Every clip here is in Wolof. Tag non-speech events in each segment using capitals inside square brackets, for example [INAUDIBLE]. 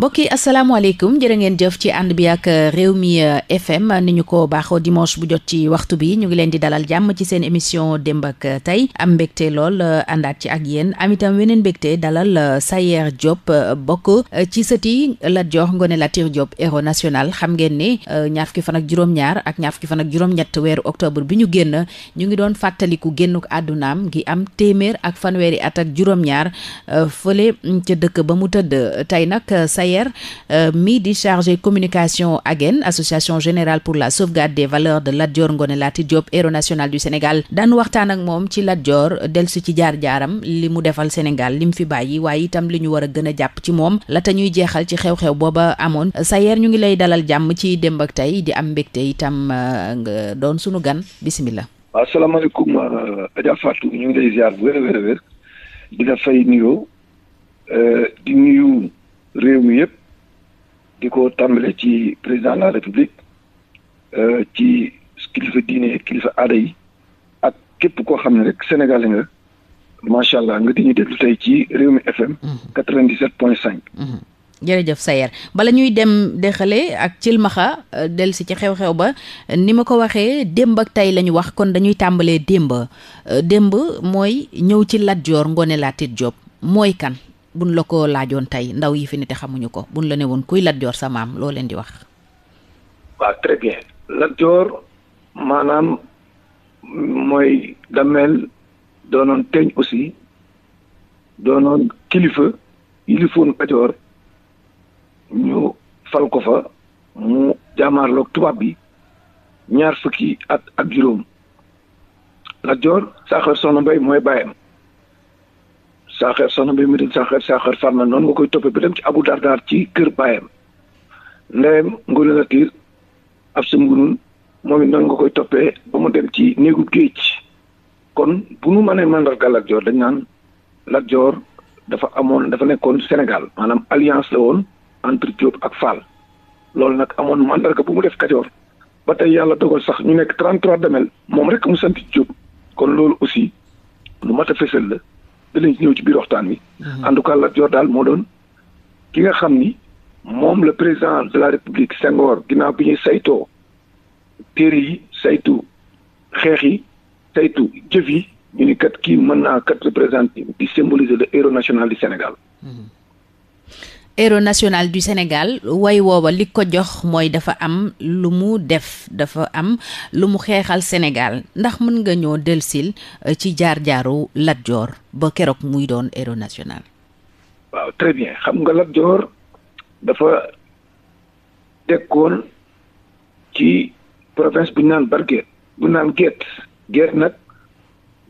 mbokk yi asalaamaaleykum jërë ngeen jëf ci ànd bi ak réew mi FM ni ñu ko baaxoo dimanche bu jot ci waxtu bi ñu ngi leen di dalal jàmm ci seen émission démb ak tey am mbégte lool àndaat ci ak yéen am itam weneen mbégte dalal Sayer Diop bokk ci sëti Lat Dior Ngoné Latyr Diop héros national xam ngeen ni euh, ñaar fukki fan ak juróom-ñaar ak ñaar fukki fan ak juróom-ñett weeru octobre bi ñu génn ñu ngi doon fàttaliku génnuk àddunaam ngi am téeméer ak fanweeri at ak juróom-ñaar euh, ca dëkk ba mu tëdd tey nag. Sayer euh, mi di chargé communication AGEN association générale pour la sauvegarde des valeurs de Lat Dior Ngoné Latyr Diop héros national du Sénégal daan waxtaan ak moom ci Lat Dior ci jaar-jaaram li mu defal Sénégal li mu fi bàyyi waaye itam li ñu war a gën a jàpp ci moom laata ñuy jeexal ci xew-xew booba amoon Sayer ñu ngi lay dalal jàmm ci démb ak tey di am mbégte itam euh, nga doon sunu gan bisimilah. waaw salaamaaleykum Adja ñu ngi lay ziar bu wér réew mi yëpp di ko tàmbale ci président de la république euh, ci kilifa diine kilifa aada yi ak képp koo xam ne rek sénégalais nga macha allah nga di ñu déglu tey ci réew mi FM. 97 point 5. Mhm. bala ñuy dem dexale ak cilmaxa euh, del si ci xew-xew ba ni ma ko waxee démb ak tey la wax kon dañuy tàmbalee démb euh, démb mooy ñëw ci Lat Joor Ngoone Laatiit Jóob mooy kan. buñ la ko laajoon tey ndaw yi fi ne te xamuñu ko buñ la ne woon kuy Lat Joor sa maam loo leen di wax. waaw très bien Lat maanaam mooy dameel doonoon teeñ aussi doonoon kilifa yilifoon Kajoor ñu fal ko fa mu jaamaarloog tubaab bi ñaar fukki at ak juróom Lat Joor Soxna Mbay mooy baayam saaxeer soxna bi mu di saaxeer saaxeer farna noonu nga koy toppee ba dem ci abu dardaar ci kër baayam ndeyam ngóone na kiir ab sa ngunun moom it koy toppee ba mu dem ci néegu géej kon bu nu mënee mandargal Lat Joor dañ naan Lat Joor dafa amoon dafa nekkoon Sénégal maanaam alliance la woon entre Diop ak Fall loolu nag amoon mandarga bu mu def Kajoor ba tey yàlla dogal sax ñu nekk 33 damel moom rek mu sant Diop kon loolu aussi lu mata a fësal la danañ ñëw ci biir waxtaan wi. Mhm. en tout cas Lat Dior daal moo doon ki nga xam ni moom la président de la république Senghor ginnaaw bi ñuy saytoo téere yi saytu xeex yi saytu jëf yi ñu ni kat kii mën na kat représenter di symboliser le héros national du Sénégal. Mhm. aéronational du Sénégal way woowa li ko jox mooy dafa am lu mu def dafa am lu mu xeexal Sénégal ndax mën nga ñoo delsil euh, ci jaar-jaaru latjoor ba keroog muy doon aéronational waaw très bien xam nga Lat Joor dafa dekkoon ci province bu naan Barguet bu naan Guet Guet nag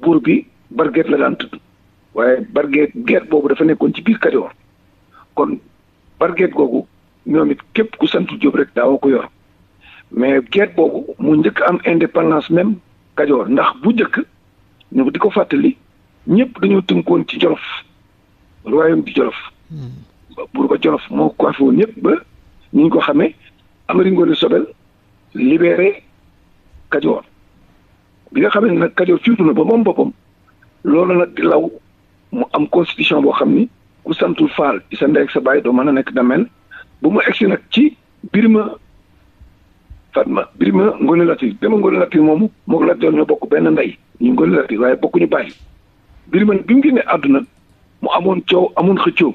buur bi Barguet la daan tudd waaye Barguet Guet boobu dafa nekkoon ci biir Kajoor kon barget googu ñoom it képp ku sant Jóob rek daawoo ko yor mais geet boobu mu njëkk am indépendance même Kajoor ndax bu njëkk ñu di ko fàttali ñëpp dañu tënkoon ci Jolof royaume di Jolof hmm. buur ba Jolof moo coiffé woon ñëpp ba ñu ko xamee Amari Ngoone Sobel libéré Kajoor bi nga xamee ne nag Kajoor fiitu na ba moom boppam loolu nag di law mu am constitution boo xam ni ku santul faal ci sa ndey ak sa baay doo mën a nekk damel bu mu egsi nag ci birima Fatma birima ma Latir dama Ngone Latir moomu moog Lat Joor ñoo bokk benn ndey ñu Ngone Latir waaye bokkuñu baay birima bi mu génnee àdduna mu amoon coow amoon xëccoo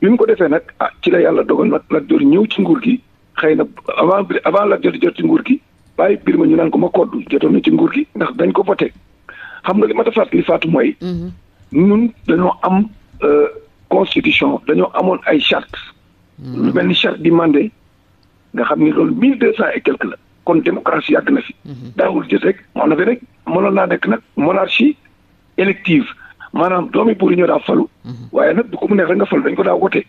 bi mu ko defee nag ah ci la yàlla dogal nag Lat Joor ñëw ci nguur gi xëy na avant avant Lat Joor di jot ci nguur gi bàyyi birima ñu naan ko ma koddu jotoon ci nguur gi ndax dañ ko voté xam nga li ma ta fàttali faatu mooy. Mhm. constitution dañoo amoon ay charte hmm. lu mel ni charte di mandé nga xam ni loolu mille deux cent et quelque la kon démocratie yàgg na fi hmm. daawul jët rek moo na fi rek mënoon naa nekk nag monarchie élective maanaam doomi buur yi ñoo daa falu hmm. waaye nag du ko mu neex rek nga falu dañ ko daa wote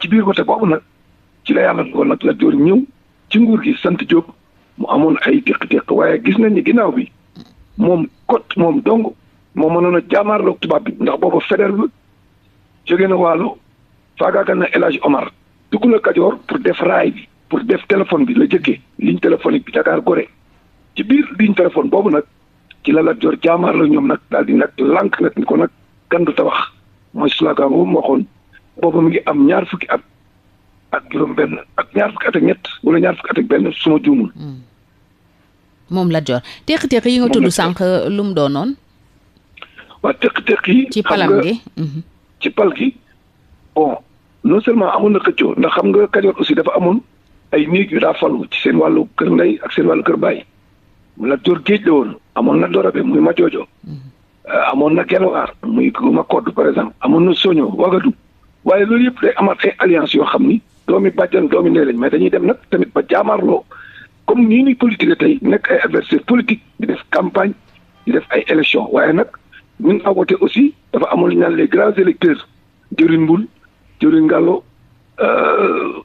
ci biir wote boobu nag ci la yàlla dogal nag la jóor ñëw ci nguur gi sant Diop mu amoon ay déq-déq waaye gis nañ ni ginnaaw bi moom kot moom dong moo mënoon a jóge na waalo faagaagal na El Hadj Omar dugg na Kajoor pour def raay bi pour def téléphone bi la jëkkee ligne téléphonique bi Dakar Gorée ci biir ligne téléphone boobu nag ci la Lat Joor jaamaar la ñoom nag daal di nag lank nag ni ko nag kan du tabax mooy slogan boobu mu waxoon boobu mu ngi am ñaar fukki at ak juróom benn ak ñaar fukki at ak ñett wala ñaar fukki at ak benn suma juumul hmm. moom Lat Joor teq-teq yi nga tudd sànq lu mu doonoon waa teq-teq yi ci palam ci pal gi bon non seulement amoon na xëccoo ndax xam nga Kajoor aussi dafa amoon ay néeg yu daa falu ci seen wàllu kër ndey ak seen wàllu kër baay la Joor géej la woon amoon na Dorabe muy Majoojo euh, amoon na Gelwaar muy Makoddu par exemple amoon na Soño Wagadu waaye loolu yëpp day amaat ay alliance yoo xam ni doomi bàjjan doomi ndey lañ mais dañuy dem nag tamit ba jaamaarloo comme nii ni politique tey nekk ay adversaire politique di def campagne def ay élection waaye nag ñun à aussi dafa amoon lu ñu naan les grands électeurs jëriñ Mbul jëriñ Ngalo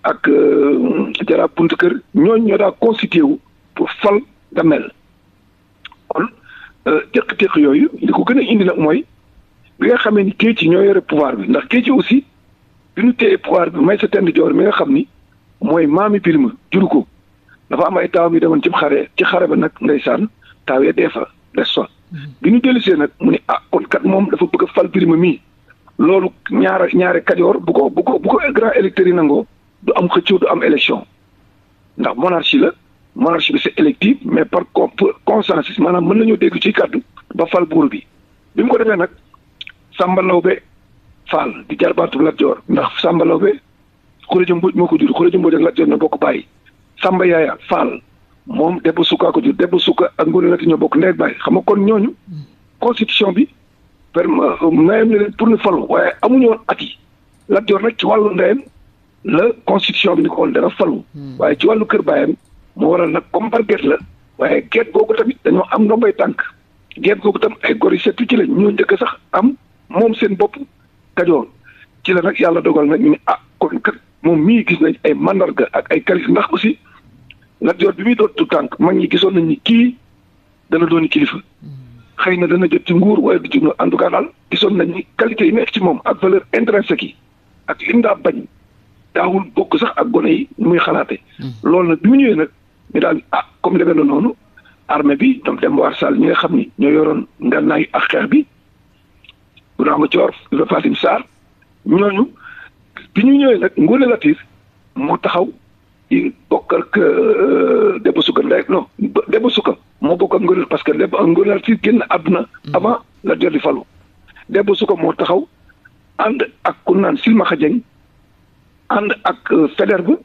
ak euh, Jara Bunt Kër ñooñ ñoo daa constitué wu pour fal Damel kon euh, teq-teq yooyu li ko gën a indi nag mooy bi nga xamee ni kii ci ñoo yore pouvoir bi ndax kii ci aussi bi ñu téye pouvoir bi may sa tend joor mi nga xam ni mooy maami Birima juru ko dafa am ay taaw mi demoon ci xare ci xare bi nag ndeysaan taaw ya dee fa les fa bi ñu dellusee nag mu ne ah kon kat moom dafa bëgg a fal Birima mii loolu ñaara ñaare kajoor bu ko bu ko bu ko grand électeurs yi nangoo du am xëccoo du am élection ndax monarchie la monarchie bi c'est élective mais par consensus maanaam mën nañoo dégg ci kàddu ba fal buur bi bi mu ko defee nag Samba Lawbe Fall di jarbaatu Lat Joor ndax Samba Lawbe Xureja Mbooj moo ko jur Xureja Mbooj ak Lat Joor na bokk bàyyi Samba Yaaya Fall moom Demba Souka ko jur Demba Souka ak Ngoné Latyr ñoo bokk ndey ak baay xam nga kon ñooñu constitution bi per mayam euh, ne leen pour ñu falu waaye amuñu woon at yi Lat Joor nag ci wàllu ndeyam la constitution bi ni ko woon dana falu hmm. waaye ci wàllu kër baayam mu waral nag comme par guet la waaye guet googu tamit dañoo am ndombay tànk guet googu tam ay gor yu setu ci lañ ñoo njëkk sax am moom seen bopp Kajoor ci la nag yàlla dogal nag ñu ne ah kon kat moom mii gis nañ ay mandarga ak ay charisme ndax aussi Lat Joor bi muy doon tu tànk mag ñi gisoon nañ ni kii dana doon kilifa xëy na dana jot ci nguur waaye du ci en tout cas daal gisoon nañ ni qualité yi nekk ci moom ak valeur intrinsèque yi ak lim daa bañ daawul bokk sax ak gone yi nu muy xalaate loolu nag bi mu ñëwee nag ñu daal ah comme demee na noonu armée bi ñoom dem waar Sall ñi nga xam ni ñoo yoroon ngànnaay ak xeex bi Ibrahima Thior Ibrahima Fatim Sarr ñooñu bi ñu ñëwee nag Ngoné Latyr moo taxaw i bokk ak euh, Demba Suka Ndeye non moo bokk ak parce que Demba Ngor ci génn àdduna mm. avant la jot di falu Demba Suka moo taxaw ànd ak ku naan Silmaxa Jeng ànd ak euh, Faidherbe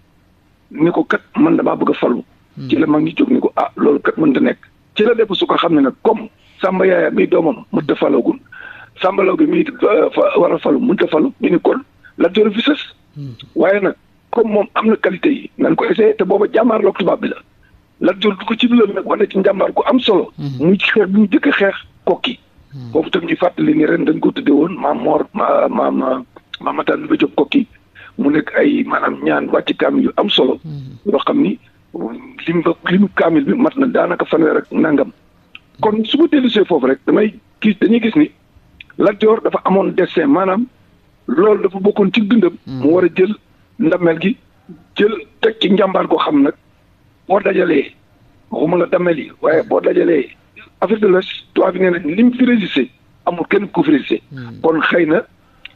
ni ko kat man damaa bëgg a falu mm. ci la mag ñi jóg ni ko ah loolu kat mënta nekk ci la Demba Suka xam ne nag comme Samba Yaaya mi doomam mënut a faloogul Samba Laobé mi euh, war a falu mënut falu ñu ni kon la jot fi sës mm. waaye nag comme moom am na qualité yi nan ko essayé te booba jàmmaarloog tubaab bi la Lat Joor du ko ci biloon nag wane ci njàmbaar ku am solo mhm. muy ci xeex bi ñu jëkk xeex kokki mhm. foofu tam ñuy fàttali ni ren dañ ko tuddee woon maam moor ma ma ma maamataan ba jóg kokki mu nekk ay maanaam ñaan wàcc kaamil yu am solo mhm. yoo xam ni lim ba limu kaamil bi mat na daanaka fanweer ak nangam kon su ma see foofu rek damay gis dañuy gis ni lajoor dafa amoon destin maanaam loolu dafa bokkoon ci dundam mu war a jël ndamel gi jël teg ci njàmbaar ko xam nag boo dajalee waxuma la waaye boo dajalee Afrique de l'Ouest tubaab yi lim fi résisté amul kenn ku fi hmm. kon xëy na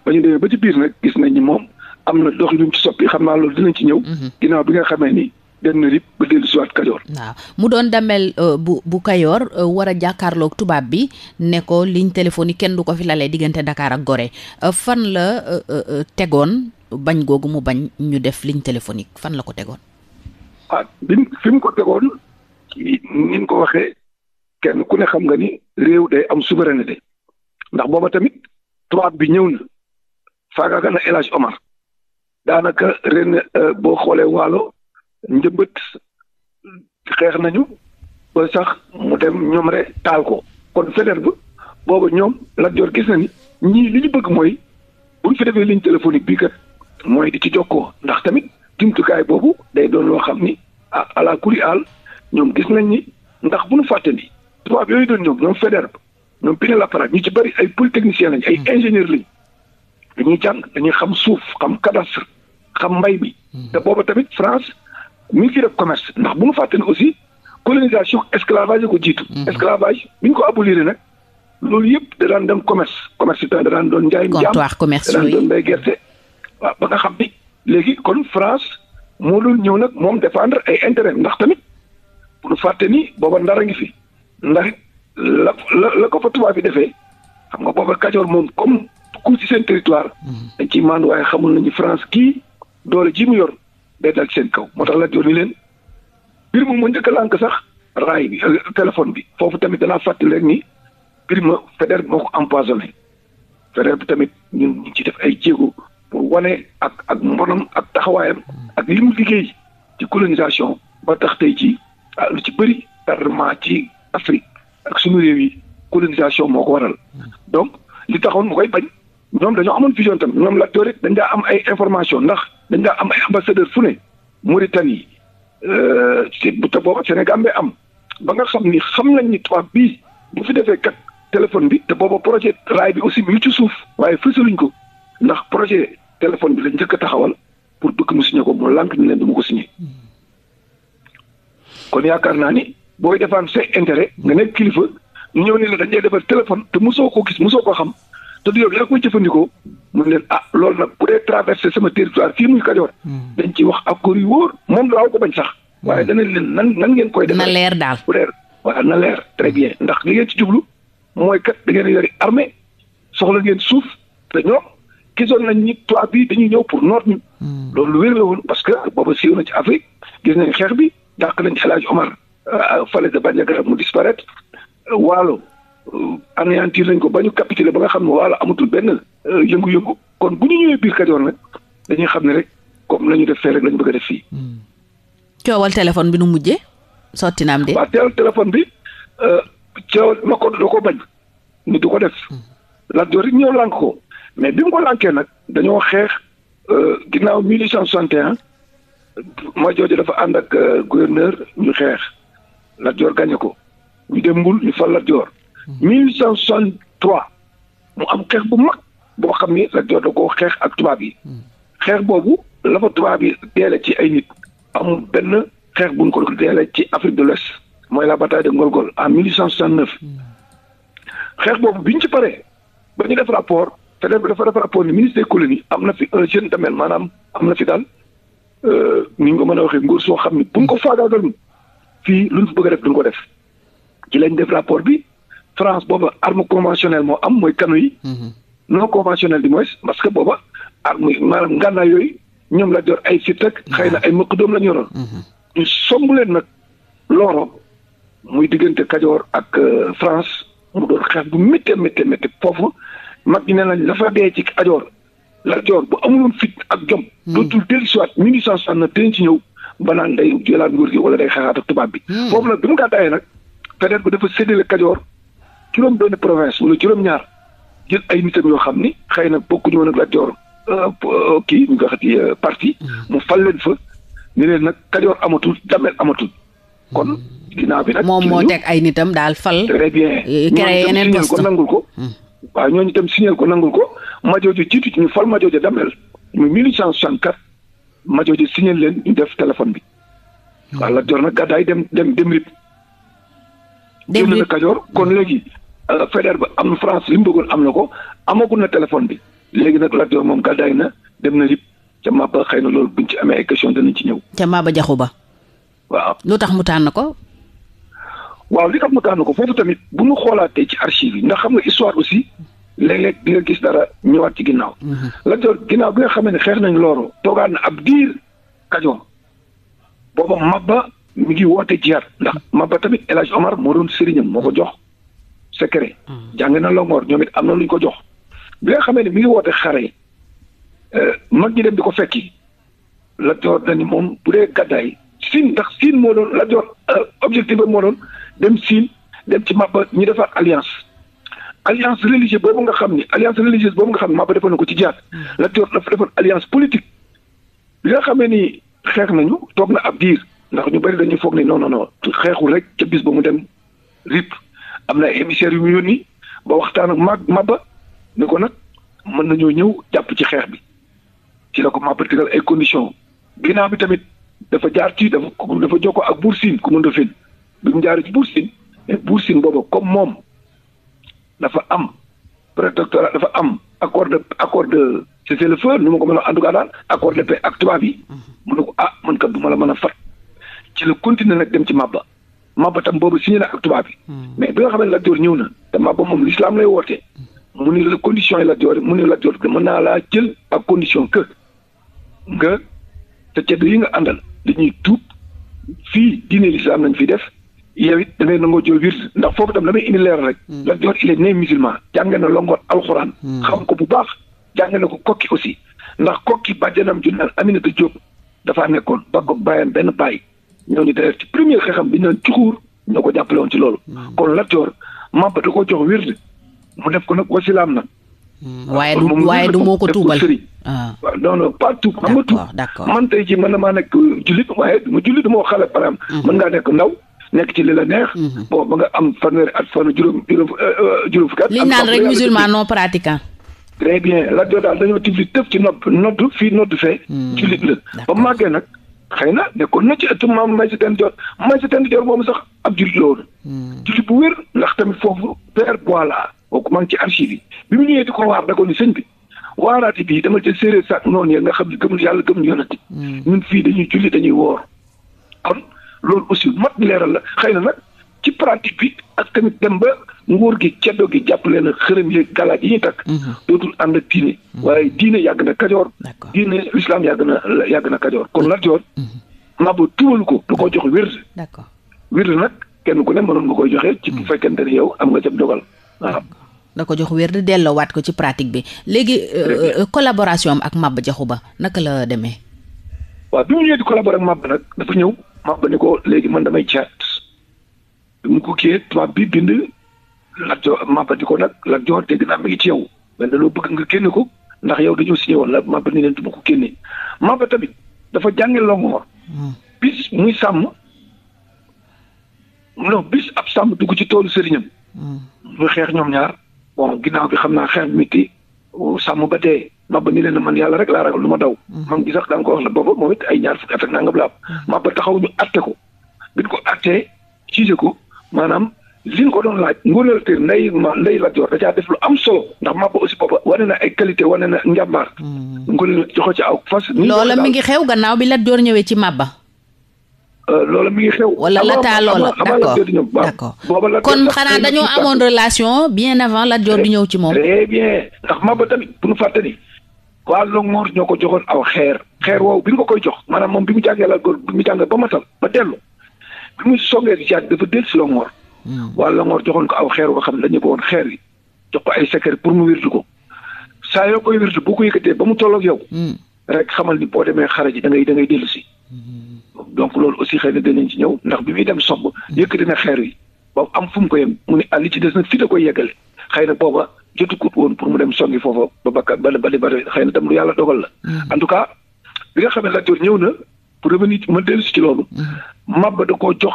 ba demee ba ci biir nag gis nañ ni moom am na dox lu ci soppi xam naa loolu dinañ ci ñëw hmm. ginnaaw bi nga xamee ni benn rib ba dellu siwaat kajoor waaw mu doon damel euh, bu bu kajoor euh, war a jàkkaarlook tubaab bi ne ko ligne téléphonique kenn du ko fi lalee diggante Dakar ak Gorée euh, fan la tegoon bañ googu mu bañ ñu def liñ téléphonique fan la ko tegoon. ah fi mu ko tegoon ci ni ko waxee kenn ku ne xam nga ni réew day am souveraineté ndax booba tamit tubaab bi ñëw na faagaaga na El Hadj Omar daanaka ren euh, boo xoolee waalo njëmbët xeex nañu ba sax mu dem ñoom rek taal ko kon feder ba booba ñoom Lat Joor gis na ni ñi li ñu bëgg mooy buñ fi defee ligne téléphonique bii kat. mooy di ci jokkoo ndax tamit jumtukaay boobu day doon loo xam ni ah ala kuli àll ñoom gis nañ ni ndax bu nu fàttali tubaab yooyu doon ñoom ñoom Faidherbe ñoom Pinet-Laprade ñu ci bëri ay polytechnicien lañ ay hmm. ingénieur lañ dañuy jàng dañuy xam suuf xam cadastre xam mbay bi hmm. te booba tamit France mi ngi fi def commerce ndax bu nu fàttali aussi colonisation esclavage ko jiitu hmm. esclavage bi ñu ko abolir nag loolu yëpp da daan dem commerce commerce da daan doon njaay njaam da daan doon mbay gerte waaw ba nga xam ni léegi kon France moo doon ñëw nag moom défendre ay intérêt ndax tamit bu nu fàtte ni booba ndara ngi fi ndax la la la ko fa tubaab bi defee xam nga booba Kajoor moom comme ku ci seen territoire. Mhm. dañ ciy maandu waaye xamul nañu France kii doole ji mu yor day dal ci seen kaw moo tax la jor ni leen mbir moom mu njëkk a lànk sax raay bi euh, téléphone bi. foofu tamit danaa fàttali rek nii mbir ma bi moo ko empoisonné Faidherbe bi tamit ñun ñu ci def ay jéego. pour wane ak ak mbonam ak taxawaayam ak li mu liggéey ci colonisation ba tax tey ci ah, lu ci bëri tardement ci Afrique ak suñu réew yi colonisation moo ko waral donc li taxoon mu koy bañ ñoom dañoo amoon vision tam ñoom la théorie dañ daa am ay information ndax dañ daa am ay ambassadeur fu ne yi euh, ci bu ta booba Sénégal bi am ba nga xam ni xam nañ ni tubaab bii bu fi defee kat téléphone bi te booba projet raay bi aussi mu ngi ci suuf waaye fësaluñ ko ndax projet téléphone bi la njëkk a taxawal pour bëgg mu signé ko mu lànk ñu leen du ko signé kon yaakaar naa ni booy defaan say intérêt nga nekk ñëw ne la dañ lay defar téléphone te mosoo ko gis mosoo ko xam te du jëfandikoo mu leen ah loolu nag bu dee traversé sama territoire fii muy Kajoor hmm. dañ ci wax ak góor yu wóor moom laaw ko bañ sax hmm. waaye danañ leen nan nan ngeen koy defar na leer daal bu leer waaw na leer très bien ndax li ci jublu mooy kat da ngeen yori armée soxla ngeen suuf te gisoon nañ ñi tubaab bi dañuy ñëw pour noot ñu. Hmm. loolu lu parce que booba siiw na ci Afrique gis nañ xeex bi dàq nañ El Hadj Omar euh, fale de Bandiagara mu disparaître waalo euh, anéantir nañ ko ba ñu capituler ba nga xam ne waalo amatul benn euh, yëngu-yëngu kon bu ñu ñëwee biir Kajoor nag dañuy xam ne rek comme lañu def fee rek lañu bëgg def fii. Hmm. coowal téléphone bi nu mujjee sotti naam de. waaw téléphone bi coowal ma ko doo ko bañ ni du ko def. Hmm. Lat Joor it ko. mais bi mu ko lànkee nag dañoo xeex euh, ginnaaw 1861 mooy jooju dafa ànd ak euh, gouverneur ñu xeex Lat Joor gañe ko ñu dem Mbul ñu fal Lat Joor 1863 hmm. mu am xeex bu mag boo xam ni Lat Joor da koo xeex ak tubaab yi hmm. xeex boobu la fa tubaab yi deele ci ay nit amul benn xeex buñ ko deele ci Afrique de l'Ouest mooy la bataille de Ngolgol en 1869 hmm. xeex boobu biñ ci paree ba ñu def rapport feneen bi dafa dafa rapport ni ministre des colonies am na fi un jeune damel maanaam am na fi daal euh, ni nga ko mën a waxee nguur soo xam ni bu ñu ko faagaagal fii lu ñu bëgg a def duñ ko def ci lañ def rapport bi France booba arme conventionnelle moo am mooy kanu yi. Mhm. non conventionnelle du moins parce que booba arme maanaam ngànnaay yooyu ñoom la jor ay sitak xëy na ay mëq doom la ñu yoroon. Mhm. Mhm. ñu somb leen nag looro muy diggante Kajoor ak euh, France mu doon xeex bu méttee méttee méttee foofu. mag ñi ne nañ dafa dee ci ajoor la joor bu amuloon fit ak jom. Hmm. dootul dellusiwaat 1869 dinañ ci ñëw ba naan day jëlaat nguur gi wala day xeexaat tubaab bi. Hmm. foofu nag bi mu gàddaayee nag feneen bi dafa séddale kajoor juróom benn province wala juróom-ñaar jël ay nitam yoo xam ni xëy na bokkuñu woon ak la ki euh, kii ñu ko waxati euh, parti. Hmm. mu fal leen fa ni leen nag kajoor amatul damel amatul kon ginnaaw bi nag. moom moo teg ay nitam daal fal. très bien euh, créé yeneen poste ko nangul ko. waaw ñu dem signé ko nangul ko Madiodio jiitu ci ñu fal Madiodio Damel mu 1864 Madiodio siñel leen ñu def téléphone bi. Hmm. waaw Lat Joor nag gàddaay dem dem dem rip. dem rip Kajoor kon léegi. Euh, Faidherbe ba am na France li mu bëggoon am na ko amagul na téléphone bi léegi nag Lat Joor moom gàddaay na dem na rip ca Maba xëy na loolu buñ ci amee ay danañ ci ñëw. ca Maba Jaxu Ba. waaw lu tax mu na ko. waaw li tax mu tànn ko foofu tamit bu ñu xoolaatee ci archive yi ndax xam nga histoire aussi léeg-léeg di nga gis dara ñëwaat ci ginnaaw. Mhm. Lat Joor ginnaaw bi nga xamee ne xeex nañu loolu toogaan na ab diir Kajoor booba Mabba mi ngi woote jiyaat ndax Mabba tamit El Hadj Omar moo doon sëriñam moo ko jox secret. Mhm. jàng na Longoor ñoom it am na lu ñu ko jox. bi nga xamee ne mi ngi woote xare euh, mag ñi dem bi ko fekki Lat Joor dañu moom bu dee gàddaay siin ndax siin moo doon Lat Joor euh, objectif bi moo doon. dem Siin dem ci Maba ñu defar alliance alliance religieuse boobu nga xam ni alliance religieuse boobu nga xam ne Maba defoon na ko ci jaat hmm. Lat Joor dafa defoon alliance politique bi nga xamee ni xeex nañu toog na ab diir ndax ñu bëri dañuy foog ni non non non xeexul rek ca bis ba mu dem RIP am na ay émissaires yu mu yónni ba waxtaan ak mag Maba ni ko nag mën nañoo ñëw jàpp ci xeex bi ci la ko Maba tegal ay conditions ginnaaw bi tamit dafa jaar ci dafa dafa jokkoo ak buur Siin ku mën duñ jaar ci Boursine mais Boursine booba comme moom dafa am prédoctorat dafa am accord de accord de cessez-le-feu nu ma ko mën a en tout cas daal accord de ak tubaab yi. Mm-hmm. mu ne ko ah, man du ma la mën a fat ci la continuer nag dem ci Mabba Mabba tam boobu signé na ak tubaab yi. Mm-hmm. mais bi nga xam ne Lat Joor ñëw na te Mabba moom l'islam lay wootee. Mm-hmm. mu ni la condition yi Lat Joor mu la Lat Joor mën naa laa jël ak condition que nga te ceddo yi nga àndal dañuy tuub fii diine l'islam lañ fi def. yow it da ngay nangoo jël wird ndax foofu tam damay indi leer rek. Hmm. Lat Joor il est né musulman. jàng na longoor alxuraan. Hmm. xam ko bu baax jàng na ko kokki aussi ndax kokki bàjjanam ju naan Aminata Diop dafaa nekkoon bakkoog bàyyam benn bàyyi ñoo ñu def ci premier xeexam bi ñu naan cuxuur ñoo ko jàppale woon ci loolu. Hmm. kon Lat Joor Màmba da koo jox wird mu def ko nag wasilaam na waaye du moom waaye du moo ko tuubal ah. waaw non non pas tuub xam nga tuub man tey ji man na maa nekk jullit waaye ma moo xale par mën ngaa nekk ndaw nekk ci li la neex. Mhm. boo ba nga am fanweeri at fan juróom juróom euh, euh, juróom fukki at. li ñu naan rek musulman non pratiquant. très bien la joo daal dañoo tibli tëf ci nopp nodd fii nodd fee. Mhm. ci lit la ba màggee nag. xëy na nekkoon na ci ëttu maam may si ten jor may si ten jor moom sax ab jullit la woon. Mhm. jullit bu wér ndax tamit foofu père Boila kooku maa ngi ci archive yi bi mu ñëwee di ko waar da ko ni sëñ bi waaraati bii dama ca séeréer sax noon ya nga xam ne yàlla gëmul yonati. ñun fii dañuy julli dañuy woor loolu aussi mat leeral la xëy na nag ci pratique bi ak tamit dem ba nguur gi ceddo gi jàppale na xërëm yi galaaj yi ñuy takk. Mhm. dootul ànd ak diine. Mhm. waaye diine yàgg na kajoor. diine lislaam yàgg na yàgg na kajoor kon mhm. Lat Joor. Maba tuumalu ko da koo jox wird. d'accord wird nag kenn ku ne mënoon nga koy joxe. ci bu fekkente ne yow am nga jëm dogal waaw. da ko jox wird delloowaat ko ci pratique bi léegi. Euh, euh, collaboration am ak Maba Jaxu Ba naka la demee. waaw bi mu ñëwee di collaborer ak Maba nag dafa ñëw Maba ni ko léegi man damay caat bi mu ko kiiyee tubaab bi bind Lat Joor Maba di ko nag Lat Joor dégg naa mi ngi ci yow mais daloo bëgg nga génne ko ndax yow dañoo signé woon la Maba ni leen du ma ko génne Maba tamit dafa jànge Longhor hmm. bis muy sàmm non bis ab sàmm dugg ci toolu sëriñam hmm. muy xeex ñoom ñaar bon ginnaaw bi xam naa xeex bi métti sàmm ba dee mabba ni leen man yàlla rek laa ragal lu ma daw. maam mhm. gi sax daan ko wax la booba moom it ay ñaar fukki at ak nangam laab. Mhm. mabba taxaw ñu atte ko. bi ñu ko attee gisee ko maanaam li ñu ko doon laaj ngóoleel tër nday ma nday la joor da caa def lu am solo ndax mabba aussi booba wane na ay qualité wane na njàmbaar. Mhm. ngóoleel joxe ci aw fas. loola mi ngi xew gannaaw bi la joor ñëwee ci mabba. Euh, loola mi ngi xew. wala lataa loola d'accord d'accord kon xanaa dañoo amoon relation bien avant Lat Dior di ñëw ci moom. très ndax Maba tamit bu ñu fàtte ni waa Longmor ñoo ko joxoon aw xeer xeer woowu bi ñu ko koy jox maanaam moom bi mu jàngee la góor bi mu jàng ba matal ba dellu bi mu songee rijaat dafa dellu si Longmor hmm. waa Longmor joxoon ko aw xeer woo xam ne dañu ko woon xeer yi jox ko ay secret pour mu wirdu ko saa yoo koy wirdu boo ko yëkkatee ba mu tolloog yow hmm. xamal ni boo demee xare ji da ngay da ngay dellu si hmm. donc loolu aussi xëy na dinañ ci ñëw ndax bi muy dem somb yëkkati na xeer yi boobu am fu mu ko yem mu ne ah ci des nag fii da koy yeggale xëy na booba jotukut woon pour mu dem songi foofa ba bakka ba ba ba xëy na tam lu yàlla dogal la. Mm-hmm. en tout cas bi nga xam ne Lat Joor ñëw na pour revenir ma dellu si ci loolu. Mm-hmm. Maba da koo jox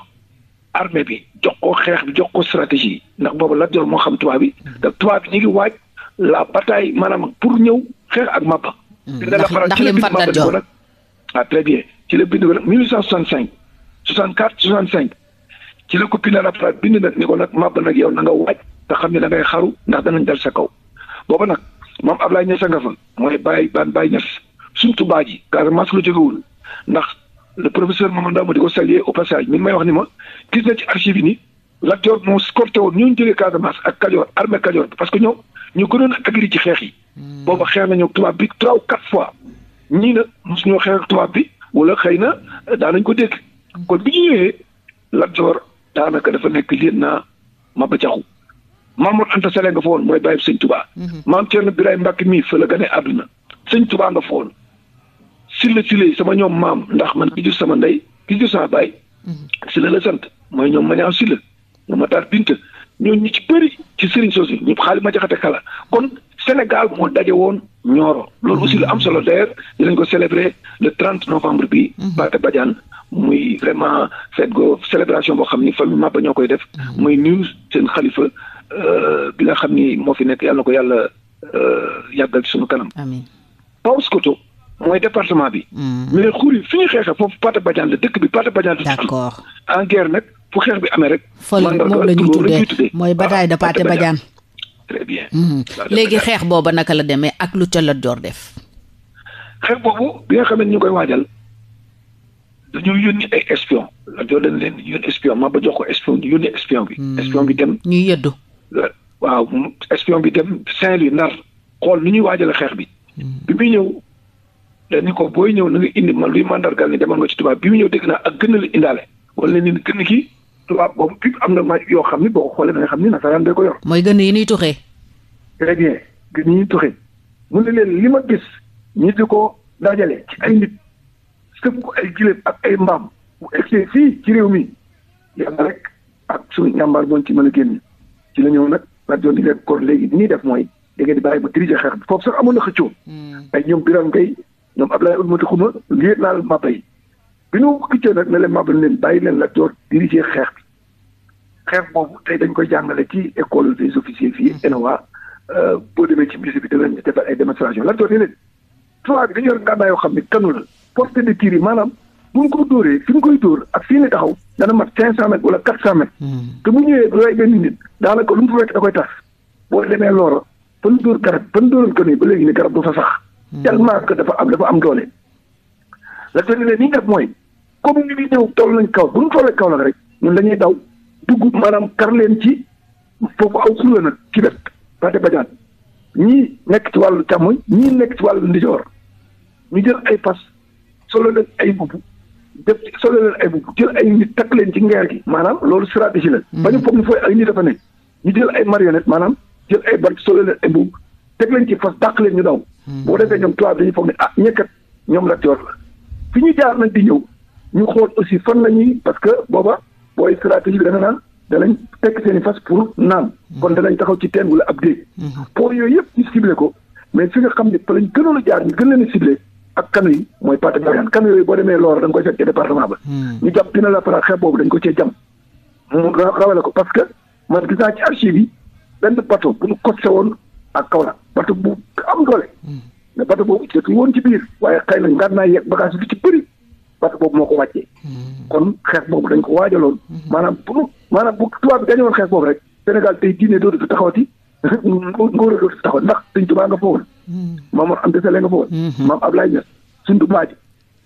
armée bi jox ko xeex bi jox ko stratégie ndax boobu Lat Joor moo xam tubaab bi. ndax mm-hmm. ñu ngi waaj la bataille maanaam pour ñëw xeex ak Maba. ndax ndax lim far Lat Joor ah ci la bind ko nag 1865 64 65 ci la ko Pinet Laprade bind ni ko nag Maba nag yow na nga waaj. te xam ne da ngay xaru ndax danañ dal sa kaw booba nag maam Ablaye Niass nga fa mooy Baye baan Baye Niass suñ Tuubaa ji Casamance lu jógewul ndax le professeur Mamadou Ndao ma di ko saluer au passage mi may wax ni ma gis na ci archive yi ni Lat Joor moo scorté woon ñooñu jógee Casamance ak Kajoor armée Kajoor parce que ñoom ñu gënoon a agri ci xeex yi. Hmm. booba xeex nañu tubaab bi trois ou quatre fois ñii nag mosu ñoo xeex ak tubaab bi wala xëy na daanañ ko dégg kon bi ñu ñëwee Lat Joor daanaka dafa nekk liin naa Maba Jaxu Mamour Anta Sall nga fa woon mooy bàyyi sëñ Touba. Mhm. maam Thierno Birahim Mbacke mii fa la àdduna sëñ Touba nga fa woon. sile sile sama ñoom maam ndax man ki jur sama ndey ki jur sama baay. Mhm. la sant mooy ñoom ma ñaaw sile ñoom ma taar bint ñooñu ñu ci bëri ci sëriñ soosu ñëpp xaalis ma jaxate kala kon Sénégal moo daje woon Nioro. loolu aussi lu am solo d'ailleurs dinañ ko célébrer le 30 novembre bi. Pathé mhm. Badiane muy vraiment fête go célébration boo xam ni famille Maba ñoo koy def. muy nuyu seen xalifa. Euh, bi nga xam ni moo fi nekk yàlla ko yàlla euh, yàggal ci suñu kanam. amiin Paoskoto mooy département bi. Hmm. mais xur yi fi ñu xeexee foofu Pata Badiane la dëkk bi Pata Badiane la. d'accord en guerre nag fu xeex bi amee rek. man la moom la tuddee mooy bataille de Pata Badiane. très bien. Hmm. léegi xeex booba naka la demee ak lu ca la joor def. xeex boobu bi nga xam ne ñu koy waajal. dañuy yónni ay espion la joor dañ leen yónni espion ma ba jox ko espion ñu yónni espion bi. Hmm. espion bi waaw espion bi dem Saint-Louis ndar xool nu ñuy waajale xeex bi. Hmm. bi muy ñëw dañu ko booy ñëw na indi man luy mandargal ni demoon nga ci tubaab bi muy ñëw dégg naa ak gën a la indaale. wala ni gën ki tubaab boobu bi am na ma yoo xam ni boo xoolee da nga xam ni nasaraan bee ko yor. mooy gën yi ñuy tuxee. très bien gën yi ñuy tuxee mu leen li ma gis ñu di ko dajale ci ay nit sëf ko ay gileem ak ay mbaam bu egsee fii ci réew mi yàlla rek ak su ñàmbaar boon ci mën a génn. ci la ñëw nag Lat Joor di fekk léegi li ñuy def mooy da ngeen di bàyyi mu dirigé xeex bi foofu sax amoon na xëccoo. Hmm. ay ñoom Birame Gueye ñoom Abdoulaye Oudmati Xuma lii laal Maba yi bi ñu xëccoo nag ne leen Maba leen bàyyi leen Lat Joor dirigé xeex bi xeex boobu tey dañ koy jàngale ci école des officiers fii ENOA hmm. euh, boo demee ci musée bi da leen defal ay démonstration Lat Joor ne leen tubaab bi dañu yor ngànnaay yoo xam ne kanu la porte de tir yi maanaam buñ ko dóoree fi ñu koy dóor ak fii ni taxaw dana mat cinq cent mètres wala quatre cent mètres. Hmm. te bu ñëwee rey benn nit daanaka lu mu fa fekk da koy tas boo demee looro fa ñu dóor garab fa ñu dóoroon ko nii ba léegi ni garab du fa sax. Hmm. tellement que dafa am dafa am doole. la te ne ni mooy comme ni ñu ñëw nañ kaw bu ñu tollee rek ñun dañuy daw dugg maanaam kar leen ci foofu aw suula nag ci wet Fatick Badiane ñii nekk ci wàllu càmmoñ ñii nekk ci wàllu ndijoor ñu jël ay fas solo leen ay mbubb def solo leen ay jël ay nit takk leen ci ngeer gi maanaam loolu stratégie la hmm. ba ñu foog ñu fooy ay nit dafa nekk ñu jël ay marionnette maanaam jël ay bant solo leen ay mbubb teg leen ci fas dàq leen ñu daw hmm. boo defee ñoom tubaab dañuy foog ne ah ñekkat ñoom la joor la fi ñu jaar nag di ñëw ñu xool aussi fan la parce que booba booy stratégie bi da nga naan danañ tekk seen i fas pour naan hmm. kon danañ taxaw ci teen wala ab déeg pour yooyu yëpp ñu ko mais fi nga xam ne fa lañ gënoon a jaar ñu gën leen a ak kanu yi mooy pàtte gàllankaan kanu yooyu boo dee Loor da nga koy fekk département ba. Hmm. ñu jàpp dina la faral boobu dañ ko cee jam ko parce que man gis naa ci archive benn bateau bu ñu woon ak Kaolack bateau bu am doole. Hmm. mais bateau woon ci biir waaye xëy na ngar naa yeeg bagage bi ci bëri bateau boobu moo ko wàcce hmm. kon xeex boobu dañ ko waajaloon. maanaam bu maanaam bu tubaab woon xeex boobu rek Sénégal tey diine dootu fi taxawati [LAUGHS] nguur dootu fi taxawati ndax Sëñ Tuubaa nga foofu Maam Anta Sall nga fa woon. Mhm. maam Ablaye Niass Sundu Maaji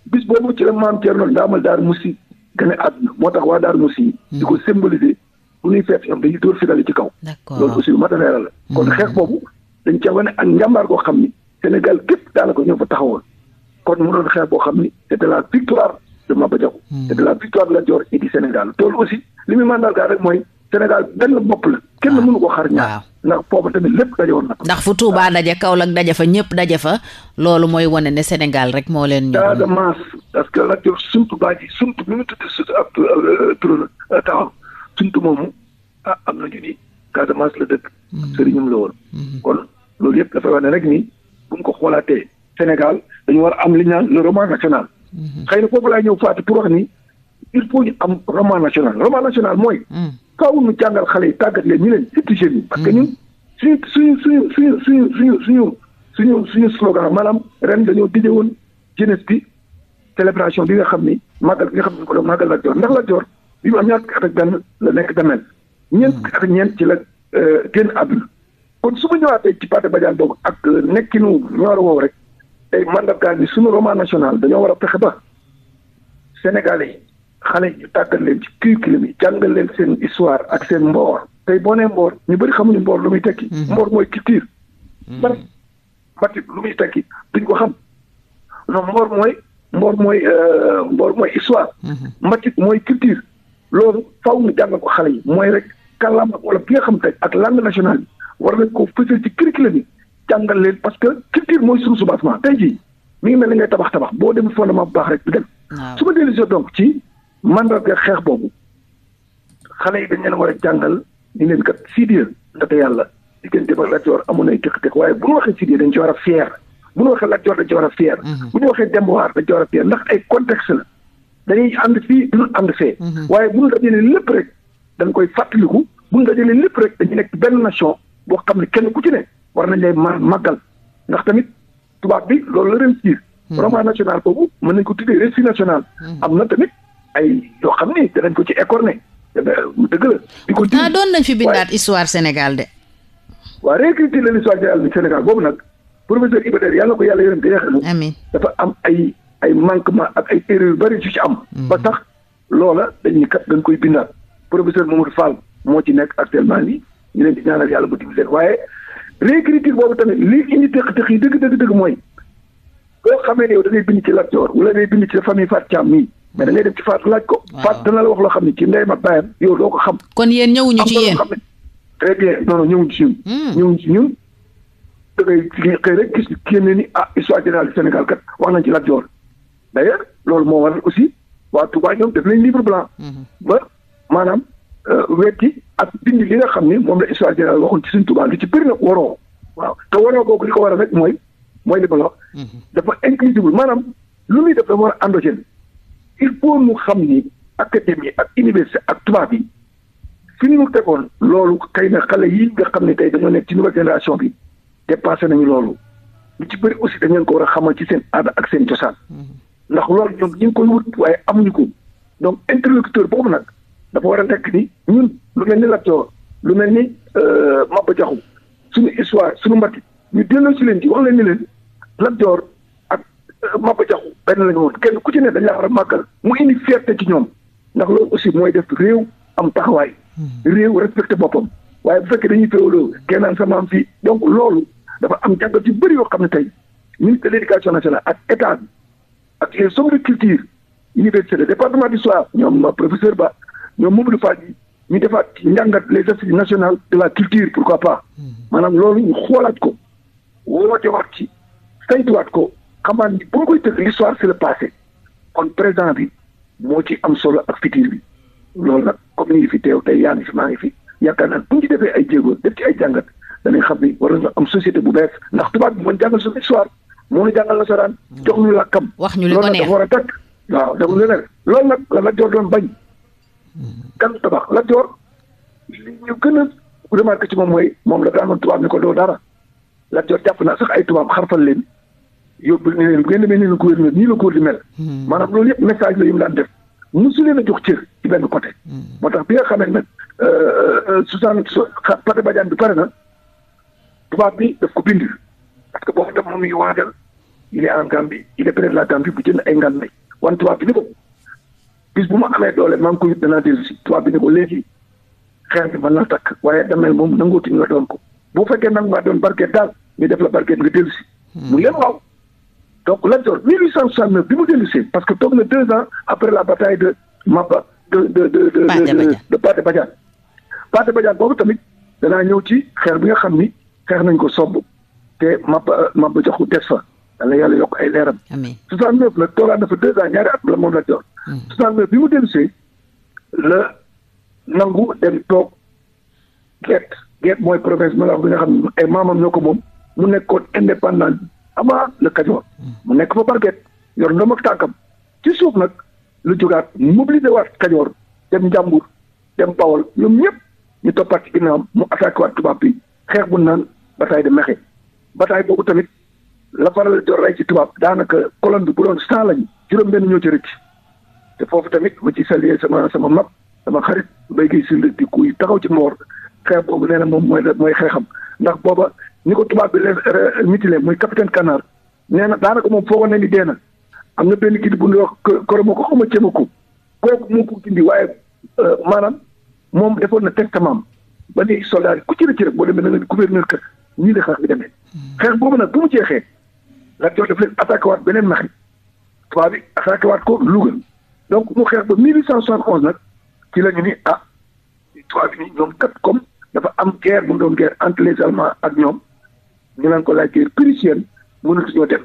bis boobu ci la maam Thierno Ndaamal Daaru Musi gane àdduna moo tax waa daar mussi di ko mhm. symboliser bu ñuy feet ñoom dañuy ci kaw. aussi lu mat mhm. kon xeex boobu dañ ca wane ak njambaar koo xam ni Sénégal képp daanaka ñoo fa taxawoon kon mu doon xeex boo xam ni c' est de la victoire de Maba Diakhou. c' est de la victoire de Lat Dior et du Sénégal loolu aussi li muy mandargaal rek mooy Sénégal benn bopp la kenn ah. mënu ko xar ñaar ndax foofu tamit lépp daje woon na ndax fu Touba ah. daje Kaolack daje fa ñëpp daja fa loolu mooy wane ne Sénégal rek moo leen ñëw Casamance parce que la yow sumt baa ji sumt bi mu tudd euh, euh, moomu ah am nañu ni Casamance la dëkk hmm. sëriñum la woon hmm. kon loolu yëpp dafay wane rek nii bu ñu ko xoolaatee Sénégal dañu war a am li ñu naan le roman national hmm. xëy na foofu laay ñëw faati pour wax ni il faut ñu am roman national roman national mooy faaw ñu jàngal xale yi tàggat leen ñu leen surtout jeunes parce que ñun suñu suñu suñu suñu suñu suñu suñu suñu suñu slogan maanaam ren dañoo dije woon jeunesse bi célébration bi nga xam ni màggal bi nga xam ne ko doon màggal Lat Joor ndax Lat Joor bi mu am ñaar fukki at ak benn la nekk damel ñeent fukki at ñeent ci la euh, génn àdduna kon su ma ñëwaatee ci Pathé Badiane boobu ak euh, nekkinu ñoora woowu rek tey mandargaal bi suñu roman national dañoo war a fexe ba Sénégalais xale ñu tàggal leen ci curriculum yi jàngal leen seen histoire ak seen mboor tey boo nee mboor ñu bari xamuñu mboor lu muy tekki. Mhm. mboor mooy culture. man mhm. matib lu muy tekki duñ ko xam non mboor mooy mboor mooy euh, mboor mooy histoire. Mhm. matib mooy culture loolu faw ñu jàngal ko xale yi mooy rek kàllaama wala bi nga xam tey ak langue nationale bi war nañ ko fësal ci curriculum yi jàngal leen parce que culture mooy suñu soubassement tey jii mi ngi mel ni ngay tabax tabax boo dem fondement bu baax rek du dem. su ma dellu si ci. mandarga xeex boobu xale yi dañ leen war a jàngal ñu leen kat Sidiya ndaxte yàlla diggante ba Lat Joor amoon ay teq-teq waaye bu ñu waxee Sidiya dañ ci war a fier bu ñu waxee Lat dañ ci war a fier mhm. bu ñu waxee Demba War dañ a fier ndax ay contexte na dañuy ànd fii duñu ànd fee mhm. waaye bu ñu dajale lépp rek dañ koy fàttaliku bu ñu leen lépp rek dañu nekk benn nation boo xam ne kenn ku ci ne war nañ lay màggal ndax tamit tubaab bi loolu la réussir mhm. roman national boobu mën nañ ko tuddee réussite nationale am ay yoo xam ni danañ ko ci écorné dëgg la. di ko ah doon nañ fi bindaat histoire Sénégal de. waaw réécriture de l'histoire du Sénégal boobu nag professeur Iba Der yàlla ko yàlla yërëm te yaxal amiin dafa am ay ak ay erreur yu bëri su ci am. Hmm. ba tax loola dañuy kat dañ koy bindaat professeur Mamadou Fall moo ci nekk actuellement nii ñu leen di yàlla bu dimbali leen waaye réécriture boobu tamit lii indi tëq-tëq yi dëgg dëgg dëgg mooy boo xamee ne yow da bind ci Lat Joor wala da ngay bind ci famille Fatou Thiam mais da ngay dem ci Fatou laaj ko. waaw Fatou dana la wax loo xam ne ci ndeyma bàyyam yow doo ko xam. kon yéen ñëwuñu ci yéen am très bien non non ñëwuñu ci ñun. Hmm. ñëwuñu ci ñun da ngay rek gis kenn ni ah histoire générale Sénégal kat wax nañ ci Lat Joor d' loolu moo waral aussi waa Touba ñoom def nañ livre blanc. Hmm. ba maanaam euh, wetti ak bind li nga xam ne moom la histoire générale waxoon ci suñ Touba lu ci bëri nag waroo. waaw te waroo googu li ko waral rek mooy mooy li ma la wax. Hmm. dafa inclusive maanaam lu muy def war a endogène il faut mu xam ni académie ak université ak tubaab yi fi ñu tegoon loolu kay na xale yi nga xam ne tey dañoo nekk ci nouvelle génération bi dépassé nañu loolu lu ci bëri aussi dañ leen ko war a xamal ci seen aada ak seen cosaan mm-hmm. ndax loolu ñoom ñu ngi koy wut waaye amuñu ko donc interlocuteur boobu nag dafa war a nekk ni ñun lu mel ni Latjoor lu mel ni euh, Maba Jaxu suñu histoire suñu mbati ñu delloo ci leen ci wax leen ni leen Latjoor Euh, Maba Jaxu benn la ñu woon kenn ku ci ne dañ laa war a màggal mu indi fierté ci ñoom ndax loolu aussi mooy def réew am taxawaay hmm. réew respecté boppam waaye bu fekk dañuy féewloo kenn naan sama am fii donc loolu dafa am jàngat yu bëri yoo xam ne tey ministre de l' éducation nationale ak état bi ak les hommes de culture université département d'histoire ñoom professeur Ba ñoom Mamadou Fadji ñu defaat ci njàngat les assises nationales de la culture pourquoi pas hmm. maanaam loolu ñu xoolaat ko woote waat ci saytuwaat ko xamaan ni boo koy tëgg l'histoire c'est le passé kon présent bi moo ci am solo ak futur bi loolu nag comme ni ngi fi teew tey yaa ngi fi maa ngi fi yaakaar naa bu ñu ci defee ay jéego def ci ay jàngat danañ xam ni war na am société bu bees ndax tubaab bi mën jàngal suñu histoire moo jàngal nasaraan jox ñu làkkam wax ñu li ko neex loolu nag war a tëkk waaw def lu ne loolu la Lat Joor doon bañ kan tabax Lat Joor li ñu gën a remarqué ci moom mooy moom la daanoon tubaab ni ko doo dara Lat Joor jàpp naa sax ay tubaab xarfal leen yóbbu ne leen bu ngeen demee ne leen gouverneur nii la góor di mel. Hmm. maanaam loolu yëpp message la yu mu daan def mosu leen a jox cër ci benn côté. Hmm. moo tax bi nga xamee nag euh, euh, Suzanne Pathé Badiane bi pare na tubaab bi def ko bind. parce que boobu tam moom mi ngi waajal il est en Gambie il est près la Gambie bu jënd ay ngan lay wan tubaab bi ni ko bis bu ma amee doole maa koy danaa dellu si tubaab bi ni ko léegi xeer bi mën naa takk waaye damel moom nangootuñu nga doon ko bu fekkee nangu nga doon barkeet daal ñu def la barkeet nga dellu si. Hmm. mu leen waaw. donc Lat Joor 1869 bi mu dellusee parce que toog na deux ans après la bataille de Maba de de de de de Pathé Badiane boobu tamit danaa ñëw ci xeex bi nga xam ni xeex nañ ko somb te Maba Maba Jaxu des fa dana yàlla yokk ay leeram. amiin 69 nag toogaan na fa deux ans ñaari at la moom Lat Joor. 69 hmm. bi mu dellusee la nangu dem toog Guet Guet mooy province Malaw bi xam ay maamam ñoo ko moom mu nekkoon indépendant. ama la Kajoor mu nekk fa barget yor ndam ak tànkam ci suuf nag lu jógaat mobiliser waat Kajoor dem Njàmbur dem Bawol ñoom ñëpp ñu toppaat ci ginnaawam mu attaqué waat tubaab bi xeex bu naan bataille de Mekhe bataille boobu tamit la faral di rey ci tubaab daanaka colonne bi bu doon cent lañu juróom-benn ñoo ci rëcc te foofu tamit ma ci saluer sama sama mag sama xarit mbéy gi si di yi taxaw ci mboor xeex boobu nee na moom mooy mooy xeexam ndax booba ni ko tubaab bi le mutilé muy capitaine Canard nee na daanaka moom foogoon na ni dee na am na benn kii bu ñuy wax koroma ko xama cëma ko kooku moo ko gindi waaye euh, maanaam moom defoon na testament ba ni soldat yi ku ci rëcc rek boo demee na nga gouverneur kër ñii la xeex bi demee hmm. xeex boobu nag bu mu jeexee la jox daf leen attaqué waat beneen maxi tubaab bi attaqué waat ko Louga donc mu xeex ba mille huit cent soixante onze nag ci la ñu ni ah tubaab bi nii ñoom kat comme dafa am guerre bu mu doon guerre ak ñoom ñu leen ko laaj kii périchienne mënatu ñoo dem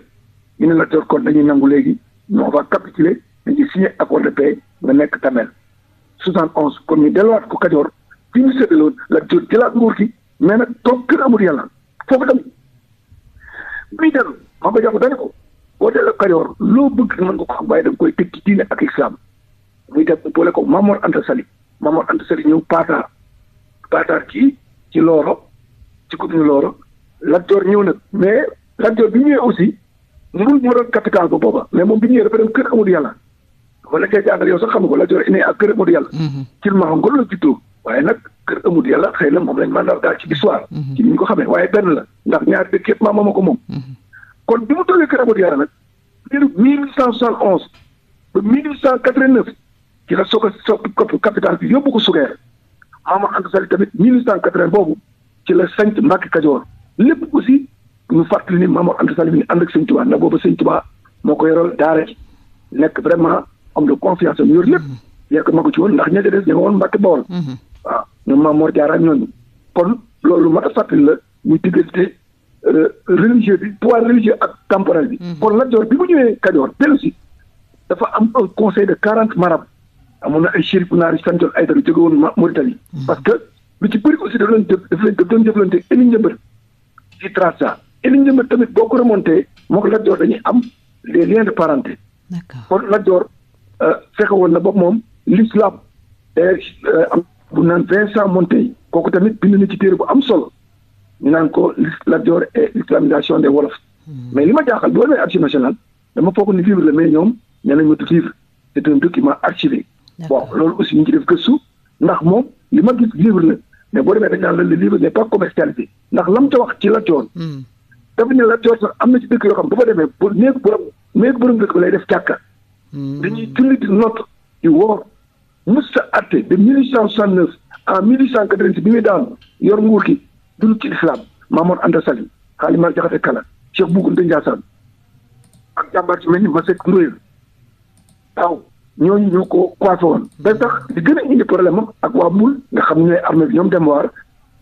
ñu ne la toog kon dañuy nangu léegi on va capituler dañuy signé accord de paix nga nekk Damel. 71 kon ñu delluwaat ko Kajoor fi ñu séddale woon la jël jëlaat nguur ki mais nag toog kër amul yàlla foofu tamit muy dellu Maba Jaxu dañu ko boo delloo Kajoor loo bëgg mën nga ko xam waaye koy teg ci diine ak islam muy dem boole ko Mamor Anta Sali Mamor Anta Sali ñëw Paataar Paataar kii ci Looro ci commune Looro. Lat ñëw na mais Lat Joor bi ñëwee aussi mënul moo doon capital ba booba mais moom bi ñëwee dafa dem kër Amadou Yàlla wala kay jàngal yow sax xam nga ko Lat Joor inné ak kër Amadou Yàlla mhm. ci ma xam ngol la xëy na moom lañ mandargaal ci histoire mhm. ci ni ñu ko waaye benn la ndax ñaari dëkk yëpp ko moom mhm. kon bi mu toogee kër Amadou Yàlla nag léegi mille huit cent soixante onze ba mille cent quatre neuf ci la soog a soppi kopp capital bi yóbbu ko Sugeer Maama Anta Sali tamit mille huit cent quatre boobu ci la sanc Mbàkke Kajoor lépp aussi ñu fàttali ni Maam Mor Anta Sali mi ngi ànd ak Sëñ Tuubaa ndax boobu Sëñ Tuubaa moo ko yoral daara ji nekk vraiment homme de confiance am lépp yar ko woon ndax ña ca des ña mhm. a la muy diggante euh, religieux bi pouvoir religieux ak temporel bi mhm. kon Lat Joor am conseil de quarante marab amoon na ay chérif naar yu santoon ay dara jóge woon Mauritanie mhm. parce que lu ci bëri aussi daf leen daf leen daf leen jëflante indi njëmbër di trace ça et tamit boo ko remonté moo Lat Joor dañuy am les liens de parenté. d'accord kon Joor euh, fexe woon na ba moom l'islam euh, am bu naan Vincent Monteil kooku tamit bind na ci téere bu am solo ñu naan ko Lat Joor et l'islamisation des wolof hmm. mais li ma jaaxal boo demee archive nationale dama foog ni livre la mais ñoom nee nañ ma du livre c'est un document archivé. bon loolu aussi ñu ngi ci def gëstu ndax moom li ma gis livre la. mais boo demee dañ naan la le livre n'est pas commercialisé ndax lam ca wax ci la coon hmm. dafa ne la sax am na ci dëkk yoo xam bu fa demee bu néeg borom néeg borom dëkk ba lay def càkka hmm. dañuy julli di noot di woor mës sa atte de mille huit cent soixante neuf en mille huit cent quatre vingt six bi muy daan yor nguur gi dul ci islam Mamour Anta Sali Xaalimar Jaxate Kala Cheikh ma Ndiassane ak jàmbaar ci ni Masek Ndoye taw ñooñu ñoo ko coiffé woon ba tax li gën a indi problème ak waa mbul nga xam ne armée bi ñoom dem waar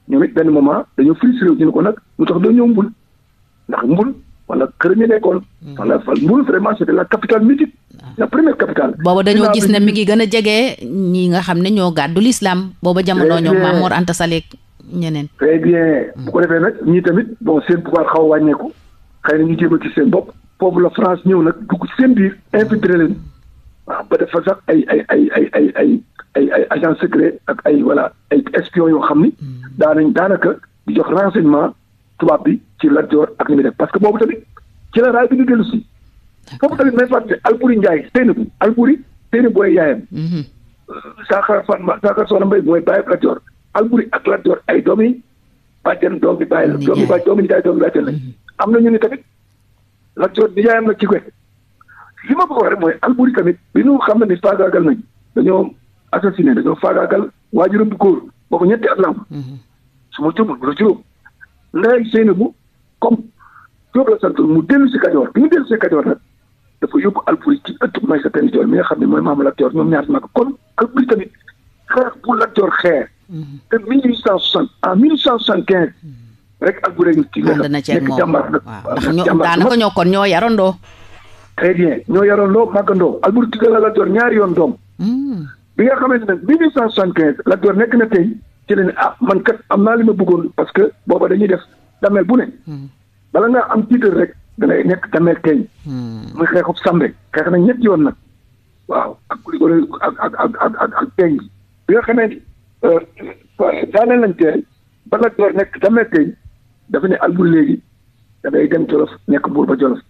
ñoom benn moment dañoo frustré wu ñu ko nag lu tax doo ñëw mbul ndax mbul walla kër ñu nekkoon. Hmm. wala fal mbul vraiment c'était la capitale mythique. Ah. la première capitale. booba dañoo gis ne mi ngi gën a jege ñi nga xam ne ñoo gàddu l'islam booba jamono ñoom Maam Mor Anta Sall ñeneen. très bien hmm. bu ko defee nag ñii tamit bon seen pouvoir xaw a wàññeeku xëy na ñu jéem a ci seen bopp foofu la France ñëw nag dugg seen biir infiltré leen. ba dafa sax ay ay ay ay ay ay ay ay agent secret ak ay voilà ay espion yoo xam ni hmm. daanañ daanaka di jox renseignement tubaab bi ci Lat Joor ak ni parce que boobu tamit ci la raay bi di dellu si foofu tamit may fàtte Alburi Njaay Seyna bu Alburi Seyna booy yaayam hmm. euh, Saakar Fatma Saakar Soxna Mbay mooy bàyyi Lat Joor Alburi ak Lat Joor ay doom yi bàjjen doom bi bàyyi la doom bi bàyyi doomi Njaay doomi bàjjen lañ hmm. am na ñu ni tamit Lat bi di yaayam la ci wet li ma bëgg wax rek mooy Albouri tamit bi ñu xam ne ni faagaagal nañ dañoo assassiné dañoo faagaagal waajuram bu góor boobu ñetti at la am mhm. su ma jëmul bu la juróom nday mu dellu si Kajoor bi mu dellu si Kajoor nag dafa yóbbu Albouri ci ëttub may sa tenn joor mi nga xam ne mooy maamu Lat ñoom ñaar mag kon Albouri tamit xeex bu Lat Joor xeex mhm. te mille huit cent a en mille huit cent soixante quinze rek Albouri ci nekk jàmbaar nag ndax ñoo daanaka ñoo kon ñoo yarandoo très bien ñoo yaroon loo màggandoo Alboury tuddee la Lat ñaari yoon doom. Hmm. bi nga xamante ne 1875 Lat Joor nekk na tey ci la ah, man kat am naa li ma bëggoon parce que booba dañuy def damel bu ne. Hmm. bala ngaa am titre rek da nekk damel tey. Hmm. muy xeexub Sambe xeex na ñetti yoon na waaw ak ak ak ak ak ak ak tey bi nga xamee euh, euh, daaneel nañ tey ba Lat Joor nekk damel tey dafa ne Alboury léegi da ngay dem Jolof nekk buur ba Jolof.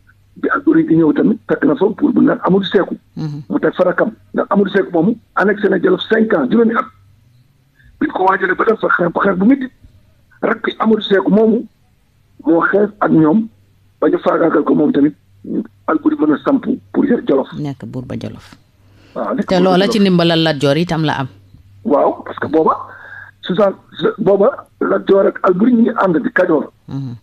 bi algori di ñëw tamit fekk na mhm. fa pour bu naan Amadou Seeku mu teg farakam ndax Amadou Seeku moomu annexé na Jolof cinq ans juróomi at bi ko waajalee ba def fa xeex bu métti rek bi Amadou Seeku moomu moo xeex ak ñoom ba ñu faagaagal ko moom tamit algori mën a samp pour yor Jolof nekk buur ba Jolof waaw te loola ci ndimbalal Lat Joor itam la am waaw parce que booba Suzanne booba Lat Joor ak algori ñu ngi ànd di Kajoor mhm.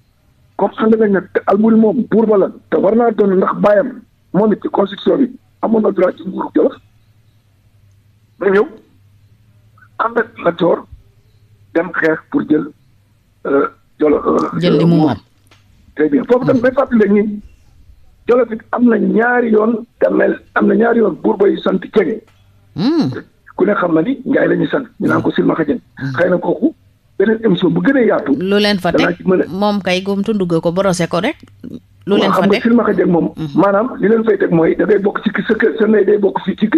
comme comprendre nañ ne te Albouri moom buur ba la te war naa doon ndax bàyyam moom it ci constitution bi amoon na droit ci nguuru Jolof mu ñëw ànd Joor dem xeex pour jël euh, Jolof. Euh, jël li mu moom très bien foofu tam hmm. may fàttali ñi Jolof it am na ñaari yoon damel am na ñaari yoon buur yu sant cege. Hmm. ku ne xam na ni Njaay la ñuy sant ñu naan ko Silmaxa Jeen hmm. xëy na kooku. beneen émission bu gën a yaatu. lu leen fa teg moom kay gumtu ndugg ko borose ko rek. lu leen fa teg xam moom. Mhm. maanaam li leen fay teg mooy da bokk ci sa kër sa ndey day bokk fii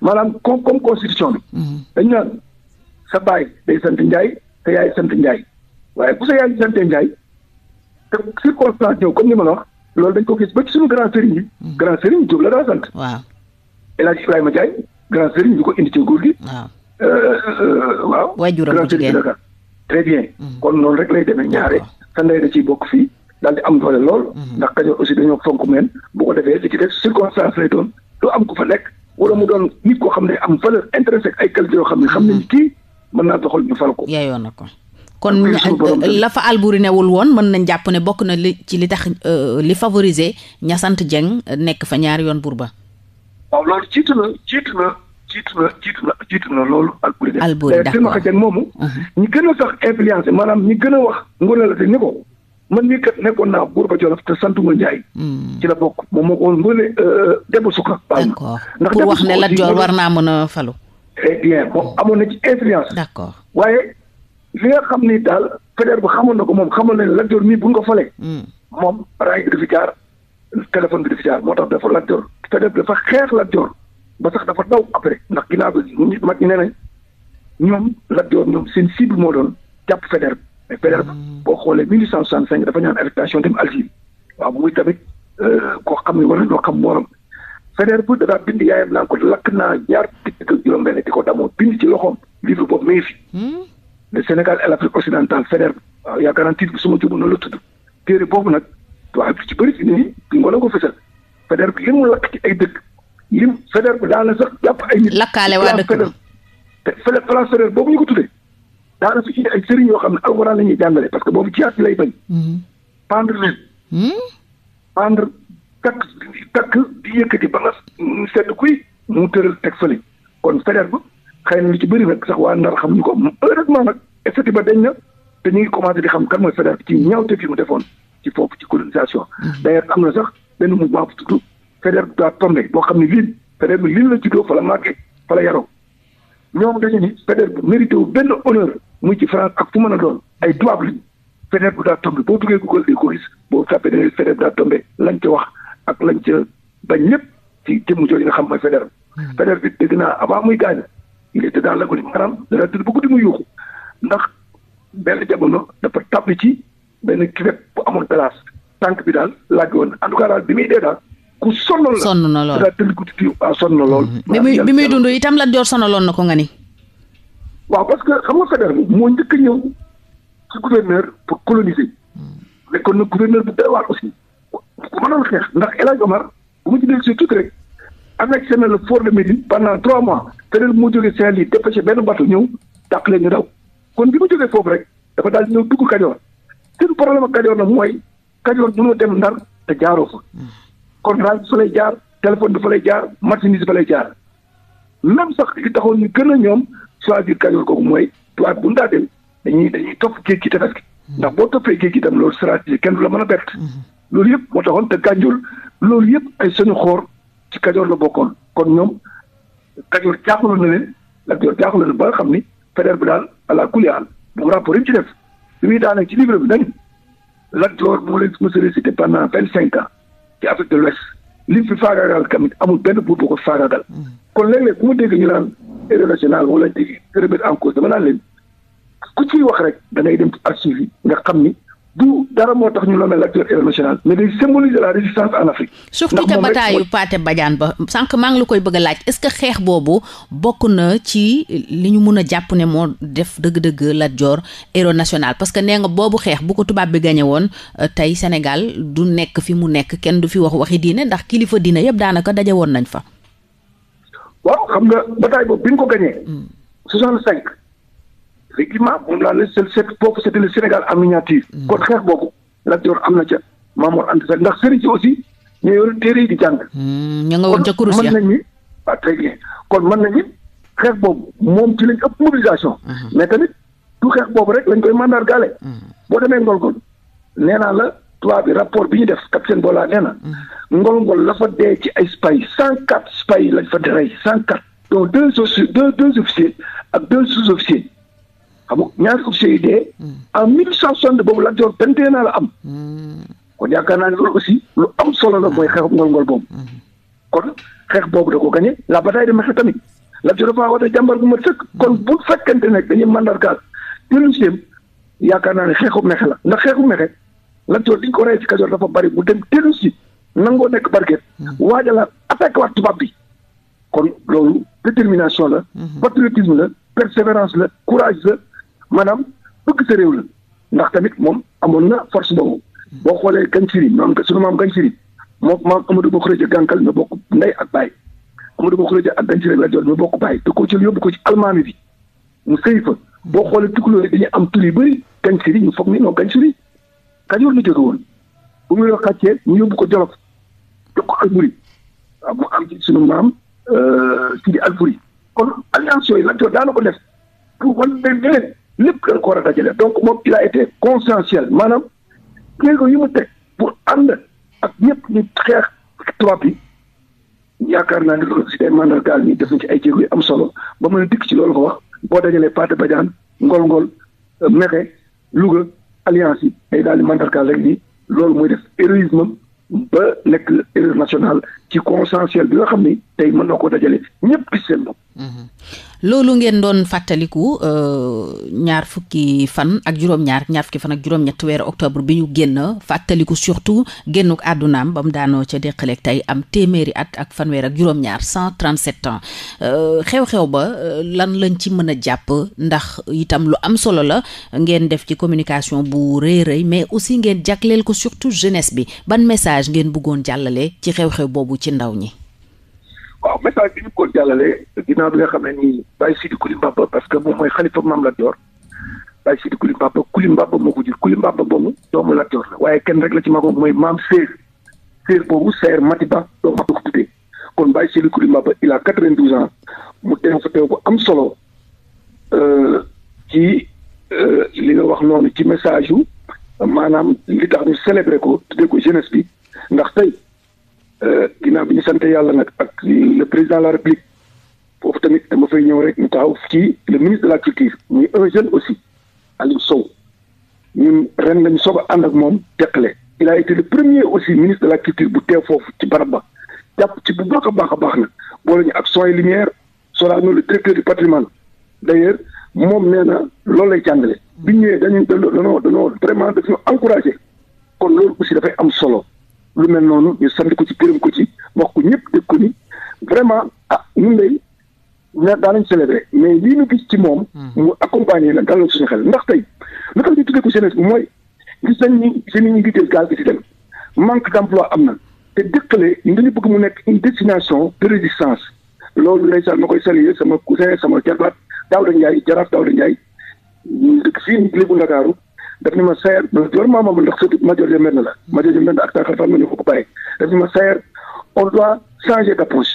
maanaam comme comme constitution bi. Mhm. dañ naan sa baay day sant Ndiaye te yaay sant Ndiaye waaye bu sa yaay sant Ndiaye te circonstance ñëw comme ni ma la wax loolu dañ ko gis ba ci suñu grand sëriñ bi. Mhm. grand sëriñ Diop la daa sant. waaw El Hadj Ibrahima Ndiaye grand sëriñ bi ko indi ci góor gi. waaw euh, euh, euh, waaw. waajuram très bien. Mhm. kon noonu rek lay demee ñaare sa ndey da ciy bokk fii daal di am doole lool. Mhm. ndax kajoor aussi dañoo fonk meen bu ko defee li ci def circonstance lay doon doo am ko fa nekk wala mu doon nit koo xam ne am valeur intéressé ak ay qualité yoo xam ne xam nañ mhm. kii mën naa doxal ñu fal ko. yaayoon na ko. kon euh, la fa Alboury newul woon mën nañ jàpp ne bokk na li ci li tax euh, li favoriser ña sant Dieng euh, nekk fa ñaari yoon Bourba. waaw loolu jiitu na jiitu na. jiitu na jiitu na jiitu na loolu Albouri Diagne. Albouri d'accord Seyma Kadiagne moomu. Uh-huh. ñi gën a sax influencé maanaam ñi gën a wax Ngone la te ni ko man mii kat nekkoon naa buur ba Jolof te santuma Njaay. Hmm. ci la bokk moom moo ko woon Ngone euh, Demba Suka. d'accord pour wax ne Lat Joor war naa mën a falu. très eh moom amoon na ci influence. d'accord waaye li nga xam ni daal fédère bu xamoon na ko moom xamoon na ne Lat Joor bu ñu ko falee. Hmm. moom raay bi dafa jaar téléphone bi dafa jaar moo tax dafa Lat Joor fédère bi dafa xeex Lat Joor. ba sax dafa daw après ndax ginnaaw bi nit ne ne ñoom Lat Joor ñoom seen moo doon jàpp Faidherbe mais Faidherbe mm. boo xoolee 1865 dafa ñaan affectation dem Algérie waaw tamit euh, koo xam ne war nañoo xam mooram Faidherbe da daa bind yaayam naan ko lakk naa ñaar dëkk ak juróom-benn di ko damoo bind ci loxoom livre boobu mi ngi fi. Hmm? le Sénégal et l'Afrique occidentale Faidherbe waaw yaakaar naa titre suma jublu noonu la tudd téere boobu nag waaye ci bëri fi nit ñi duñ ko la ko fësal Faidherbe li lakk ci ay dëkk. lim fédère bi daana sax jàpp ay nit. lakkaale waa dëkk bi te place fédère boobu ñu ko tuddee daana fi indi ay sëriñ yoo xam ne alxuraan la ñuy jàngale parce que boobu jiyaat lay bañ. Mm-hmm. pendre leen. Mm-hmm. pendre takk takk di yëkkati ba nga sedd kuy mu tëral teg fële kon fédère ba xëy na lu ci bëri nag sax waa ndar xamuñu ko heureusement nag estati ba dañ na te ñu ngi commencé di xam kan mooy fédère bi ci ñaawte fi mu defoon ci foofu ci colonisation. Mm-hmm. d'ailleurs a sax benn Federer daa tombé boo xam ne lii Federer bi lii la juddoo fa la màggee fa la yaroo ñoom dañu ni Federer bu mérité benn honneur muy ci France ak fu mën a doon ay tubaab lañu bu daa tombé boo duggee Google ko gis boo tàppee daa tombé lañ ca wax ak lañ ca bañ ñëpp ci jëmm jooju nga xam mooy Federer. Hmm. Federer bi dégg naa avant muy gaañ il était dans la guddi maanaam dana tëdd bu guddi muy yuuxu ndax benn jamono dafa tàbbi ci benn kiwet bu amoon place tànk bi daal laaj woon en tout daal bi muy dee ku sonn sonn na lool ah, lool. Mhm. bi muy bi muy dund itam Lat Joor sonaloon na ko nga ni. waaw parce que xam nga Faidherbe moo njëkk a ñëw ci gouverneur pour coloniser. Mm. nekkoon na gouverneur bu doy waar aussi. ku mënoon xeex ndax El Hadj Omar bu ma ci dellu si tuuti rek. annexé na le fort de mois. Faidherbe moo jógee Saint-Louis dépêché benn bateau ñëw dàq leen ñu daw. kon bi mu jógee foofu rek dafa daal di ñëw dugg Kajoor seen problème Kajoor nag mooy Kajoor mënoo dem Ndar te jaaroo fa. Mm. contrat bi fa lay jaar téléphone bi fa lay jaar marchandise bi fa lay jaar même sax li taxoon ñu gën a ñoom choisir Kajoor kooku mooy tubaab bu ndaa dañuy dañuy topp géej gi tefes hmm. ndax boo toppee géej gi tam loolu stratégie kenn du la mën a bett hmm. loolu yëpp moo taxoon te Gànjool loolu yëpp ay suñu xoor ci Kajoor la bokkoon kon ñoom Kajoor jaaxaloon na leen Lat Joor jaaxaloon na ba xam ni Faidherbe bi daal àla kulial moom rapport yi ci def li muy daanee ci livre bi nañ Lat Joor moo leen mos a récité pendant vingt cinq ans ci Afrique de l'Ouest lim fi faagaagal tamit amul benn buur bu ko faagaagal mm. kon léeg-léeg ku ma dégg ñu naan héros national wala di remettre en cause dama naan leen ku ciy wax rek danay ngay dem ci archives yi nga xam ni du dara moo tax ñu la mel acteur international mais day symboliser la résistance en Afrique. surtout ca bataayu Pathé Badiane ba sànq maa ngi la koy bëgg laaj est-ce que xeex boobu bokk na ci li ñu mun a jàpp ne moo def dëgg-dëgg Lat Dior héros national parce que nee nga boobu xeex bu ko tubaab bi gañe woon euh, tey Sénégal du nekk fi mu nekk kenn du fi wax waxi diine ndax kilifa diine yëpp daanaka daje woon nañ fa. waaw xam nga bataay boobu bi ñu ko gañee. Hmm. effectivement moom laa ne seet foofu c'était le Sénégal en miniature. Mm. kon xeex boobu Lat Joor am na ca Maamoor Anta Sall ndax sëriñ si aussi ñoo yoroon téere yi di jàng. Mm, ña nga woon ca kurus ya ah, kon mën nañu ah xeex boobu moom ci lañ ëpp mobilisation. Mm-hmm. mais tamit du xeex boobu rek lañ koy mandargaale. Mm-hmm. boo demee ngol-ngol nee naa la tubaab bi rapport bi ñu def capitaine Bola nee na. ngol-ngol mm-hmm. la fa dee ci ay spahis cent quatre spahis lañ fa rey cent quatre. donc deux deux deux ak deux sous-officiers. xam nga ñaari officiers yi dee. Hmm. en mille cent soixante boobu Lat Joor vingt et un ans la am. Hmm. kon yaakaar naa ne loolu aussi lu am solo la mooy xeexu ngol-ngol boobu. Hmm. kon xeex boobu da ko gagné la bataille de Mékhé tamit Lat Joor dafa war a jàmbar bu ma sëkk kon bu fekkente ne dañuy mandargaal jëluñu yaakaar naa ne xeexu Mékhé la ndax xeexu Mékhé Lat Joor liñ ko rey ci Kajoor dafa bari mu dem dellu si nangoo nekk barket waajalaat attaqué waat tubaab bi kon loolu détermination la patriotisme la la courage la maanaam bëgg sa réew la ndax tamit moom amoon na force boobu boo xoolee Kansiri maam sunu maam Kansiri moom maam Amadou Bokro Dieng gànkal ñu bokk ndey ak baay Amadou Bokro Dieng ak Kansiri la jot ñu bokk baay te ko ci yóbbu ko ci almaami bi mu sëy fa boo xoolee tukulóor yi dañuy am tur yu bëri Kansiri ñu foog ni non Kansiri la jóge woon bu muy la xàccee mu yóbbu ko Jolof jox ko Alburi waaw mu am ci sunu maam Sidi euh, Alburi kon alliance yooyu la jot daana ko def pour wan leen lépp lañ ko war a dajale donc moom il a été consensuel maanaam jéego yi mu teg pour ànd ak ñëpp ñu xeex tubaab bi yaakaar naa ne loolu si day mandargaal ni def nañ ci ay jéego yu am solo ba mën a dikk ci loolu ko wax boo dajalee Pathé Badiane ngol-ngol Mexe Louga alliance yi day daal di mandargaal loolu mooy def héroïsme ba nekk héroïsme national ci consensuel bi nga xam ni tey mën na koo dajalee ñëpp gis seen bopp mm-hmm. loolu ngeen doon fàttaliku euh, ñaar fukki fan ak juróom-ñaar ñaar fukki fan ak juróom-ñett weeru octobre bi ñu génn fàttaliku surtout génnuk àddunaam ba mu daanoo ca deqaleeg tey am téeméeri at ak fanweer ak juróom-ñaar cent trente-sept ans euh, xew-xew ba euh, lan lañ ci mën a jàpp ndax itam lu am solo la ngeen def ci communication bu rëy rëy mais aussi ngeen jagleel ko surtout jeunesse bi ban message ngeen bëggoon jàllale ci xew-xew boobu ci ndaw ñi waaw message bi ñu ko jàllale ginnaaw bi nga xam ne nii Baye Sidi Koulimbaba parce que moom mooy xalifa Maam Lat Joor Baye Sidi Koulimbaba Koulimbaba moo ko jur Koulimbaba boobu doomu Lat Joor la waaye kenn rek la ci magoog mooy maam Seer Seer boobu Seer Matiba doomu ko tuddee kon Baye Sidi Koulimbaba il a quatre-vingt-douze ans mu teew fa teew bu am solo euh, ci euh, li nga wax noonu ci message yu maanaam li tax ñu célébré ko tuddee ko jeunesse bi ndax tey Euh, ginnaaw bi ñu sant yàlla nag ak le président de la république foofu tamit dama fay ñëw rek ñu taxaw ci le ministre de la culture muy un jeune aussi Aliou Sow ñu ren lañu soog ànd ak moom teqale il a été le premier aussi ministre de la culture bu teew foofu ci barab ba jàpp ci bu baax a baax a baax na boole ñu ak son et lumière Sorano le directeur du patrimoine d'ailleurs moom nee na loolu lay jàngale bi ñëwee dañu danoo dañoo vraiment daf ñu encouragé kon loolu aussi dafay am solo lu mel noonu ñu sant ko ci gërëm ko ci wax ko ñëpp dégg ko ni vraiment ah ñun day na nañ célébrer mais lii ñu gis ci moom. Hmm. mu accompagner la dalal suñu xel ndax tey lu tax ñu tuddee ko jeunesse bi mooy gis nañ ni jeunes ñu ngi jël gaal gi di dem manque d'emploi am na te dëkkale ñu dañu bëgg mu nekk une destination de résistance loolu ndeysaan ma koy saluer sama cousin sama jarbaat Daouda Ndiaye jaraaf Daouda Ndiaye ñu dëkk fii nii Ndakaaru daf ni ma sayer loolu maa moom ndax surtout Madior Dia Mbène la Madior Dia Mbène ak Dakar xam nañu ko ba pare daf ni ma sayer on doit changer d'approche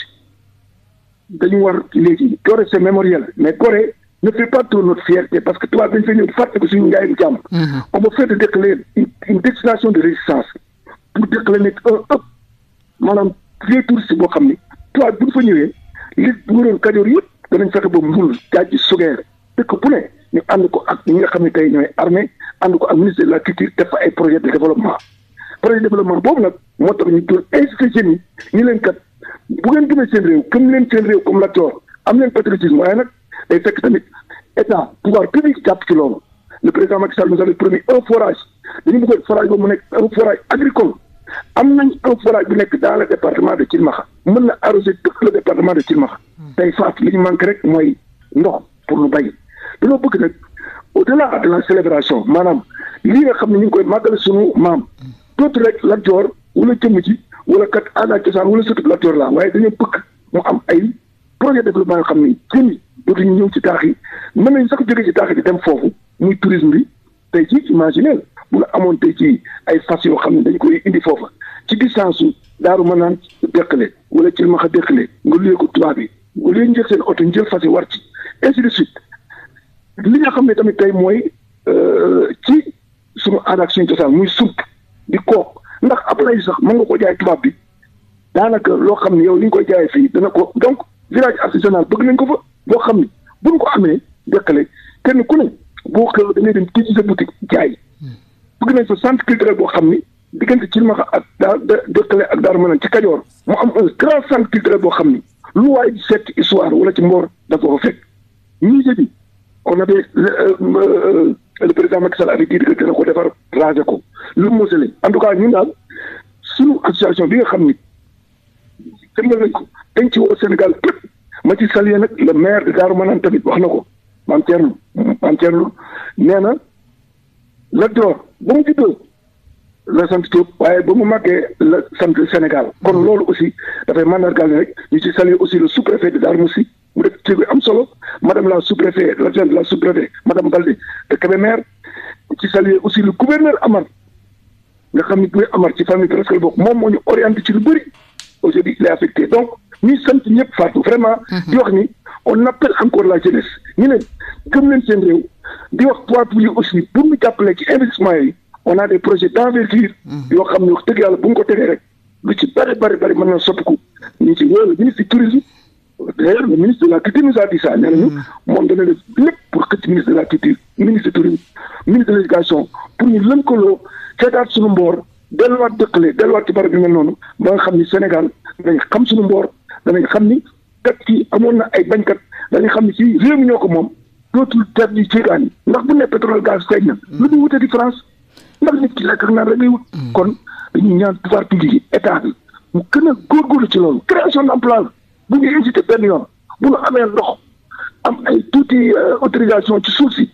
dañu war léegi Gorée se mémoriel mais Gorée ne fait pas tout notre fierté parce que tubaab dañu fee ñëw fàttali suñu njaayum jàmm. Mhm. on va faire boo xam ni tubaab bu ñu Kajoor yëpp danañ fexe ba Mbul Jaaji Sugeer dëkk bu ne ñu ànd ko ak ñi nga xam ni tey ñooy armée ànd ko ak ministre de la culture def fa ay projet de développement projet développement boobu nag moo tax ñu doon incité jeunes yi ñu leen kat bu ngeen gëmee seen réew gëm leen seen réew comme la toor am leen patriotisme waaye nag day fekk tamit état pouvoir jàpp ci loolu le président Macky Sall nous avait promis un forage dañu bëggoon forage boobu nekk un forage agricole am nañ un forage bu nekk dans la département de Thilmakha mën na arroser tout le département de Thilmakha hmm. tey li ñu manque rek mooy ndox pour lu bay dañoo bëgg nag au-delà de la célébration maanaam lii nga xam ne ñu ngi koy màggal sunu maam dootu rek Lat Joor la jëmm ci wala kat aada cosaan wala surtout Lat Joor la waaye dañoo bëgg mu am ay projet développement yoo xam ne jëmi dootuñu ñëw ci taax yi mën nañ sax jógee ci taax yi di dem foofu muy tourisme bi tey ci imaginer bu la amoon tey ci ay fas yoo xam ne dañu koy indi foofa ci distance su daaru mën naan déqale wala cilmaxa déqale nga luyee ko tubaab bi nga luyee njël seen oto njël fas yi war ci li nga xam ne tamit tey mooy euh, ci suñu aada ak suñu cosaan muy sump di kook ndax après sax mën nga koo jaay tubaab bi daanaka loo xam ne yow li nga koy jaayee fii dana ko donc village artisanal bëgg nañ ko fa boo xam ne buñ ko amee dëkkale kenn ku ne boo xëyoo da ngay dem tijji sa boutique jaay bëgg nañ fa centre culturel boo xam ni diggante Cilmaxa ak daa dëkkale ak Daaru Manaan ci Kajoor mu am un grand centre culturel boo xam ni lu waay seet histoire wala ci mboor dafa ko on avait le euh, le président Macky Sall avait dit que dina ko defar raser ko lu mu mosale en tout cas ñun daal suñu association bi nga xam ni tënkal nañ ko dañ ci woo Sénégal ma ci salué nag le maire de Darou Manane tamit wax na ko maam Thierno maam Thierno nee na Lat Dior ba mu juddoo la sant Diop waaye ba mu màggee la sant Sénégal kon loolu aussi dafay mandargaal rek ñu ci salué aussi le sous-préfet de Darou Moussi mu def ci am solo madame la sous-préfet l'adjointe de la sous-préfet madame Baldé de Kébémer ci saluer aussi le gouverneur Amar nga xam ni gouverneur Amar ci famille presque la bokk moom moo ñu orienté ci lu bëri aujourd'hui il est affecté donc ñuy sant ñëpp Fatou vraiment mhm. di wax ni on appelle encore la jeunesse ñu ne gëm leen seen réew di wax poids public aussi bu ñu jàppale ci investissement yi on a des projets d'envergure mhm. yoo xam ne wax dëgg yàlla bu ñu ko tegee rek lu ci bari bari bari mën na soppiku ñu ci wóolu d'ailleurs le ministre de la culture nous a dit ça nee hmm. nañu pour xëcc ministre de la culture ministre du tourisme ministre de l'éducation pour ñu lënkaloo seetaat suñu mboor delluwaat dëkkale delluwaat ci barab bi noonu ba xam ni Sénégal danañ xam suñu mboor danañ xam ni kat yi amoon na ay bañkat danañ xam ni si réew mi ñoo ko moom dootul teet yi jéegaan yi ndax bu ne pétrole gaz feeñ na hmm. lu ñu wute di France ndax nit ki lekk ak naan rek lay wut hmm. kon dañuy ñaan pouvoir public yi mu gën a góorgóorlu ci loolu création d'emploi bu ñu hésité benn yoon bu amee ndox am ay tuuti euh, autorisation ci suuf si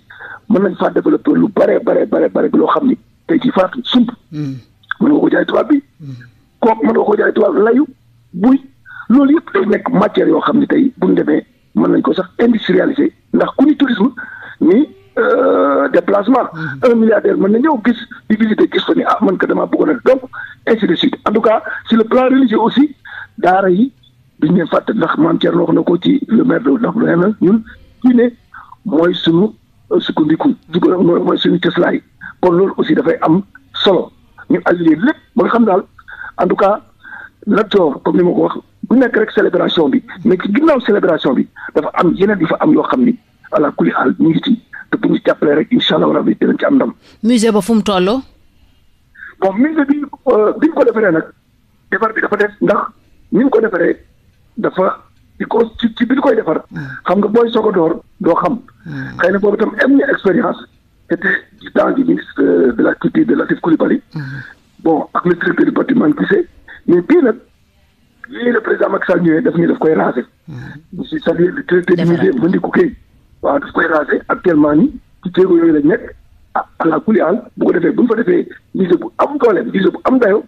mën nañ faa développé lu bare bare bare bare bi loo xam ni tey ci faatu sump hmm. mën nga ko jaay tubaab bi hmm. kooku mën nga ko jaay tubaab layu buy loolu yëpp day nekk matière yoo xam ne tey bu ñu demee mën nañ ko sax industrialiser ndax ku ni tourisme ni euh, déplacement hmm. un milliardaire mën na ñëw gis di visiter gis ko ni ah mën ko damaa bëggoon a donc ainsi de suite en tout cas sur le plan religieux aussi daara yi duñ leen fàtte ndax maam Thierno wax na ko ci le maire de ndax lu ne ñun ñu ne mooy suñu sukkandiku di ko mooy suñu cëslaay kon loolu aussi dafay am solo ñu allier lépp ba xam daal en tout cas Lat Joor comme ni ma ko wax bu nekk rek célébration bi mais ci ginnaaw célébration bi dafa am yeneen yu fa am yoo xam ni ala kulli xaal ñu ngi ci te bu ñu jàppalee rek incha allah rabi dinañ ci am ndam. musée ba fu mu toll. bon musée bi euh, bi ñu ko defaree nag defar bi dafa def ndax ni ñu ko defaree. dafa di ko ci ci bi ñu koy defar. Hmm. xam nga booy soog a doo xam. Hmm. xëy na boobu itam am na expérience. était du temps euh, de la culture de Latif Coulibaly. Hmm. bon ak le directeur du bâtiment mais bii nag lii le président Macky Sall ñëwee daf ñu daf koy raser. cest si dire le directeur du musée Mandikou Guèye. waaw daf koy raser actuellement ni ci yooyu lañ nekk à à la Coulibaly bu ko defee bu ñu fa defee musée bu am doole musée bu am dayo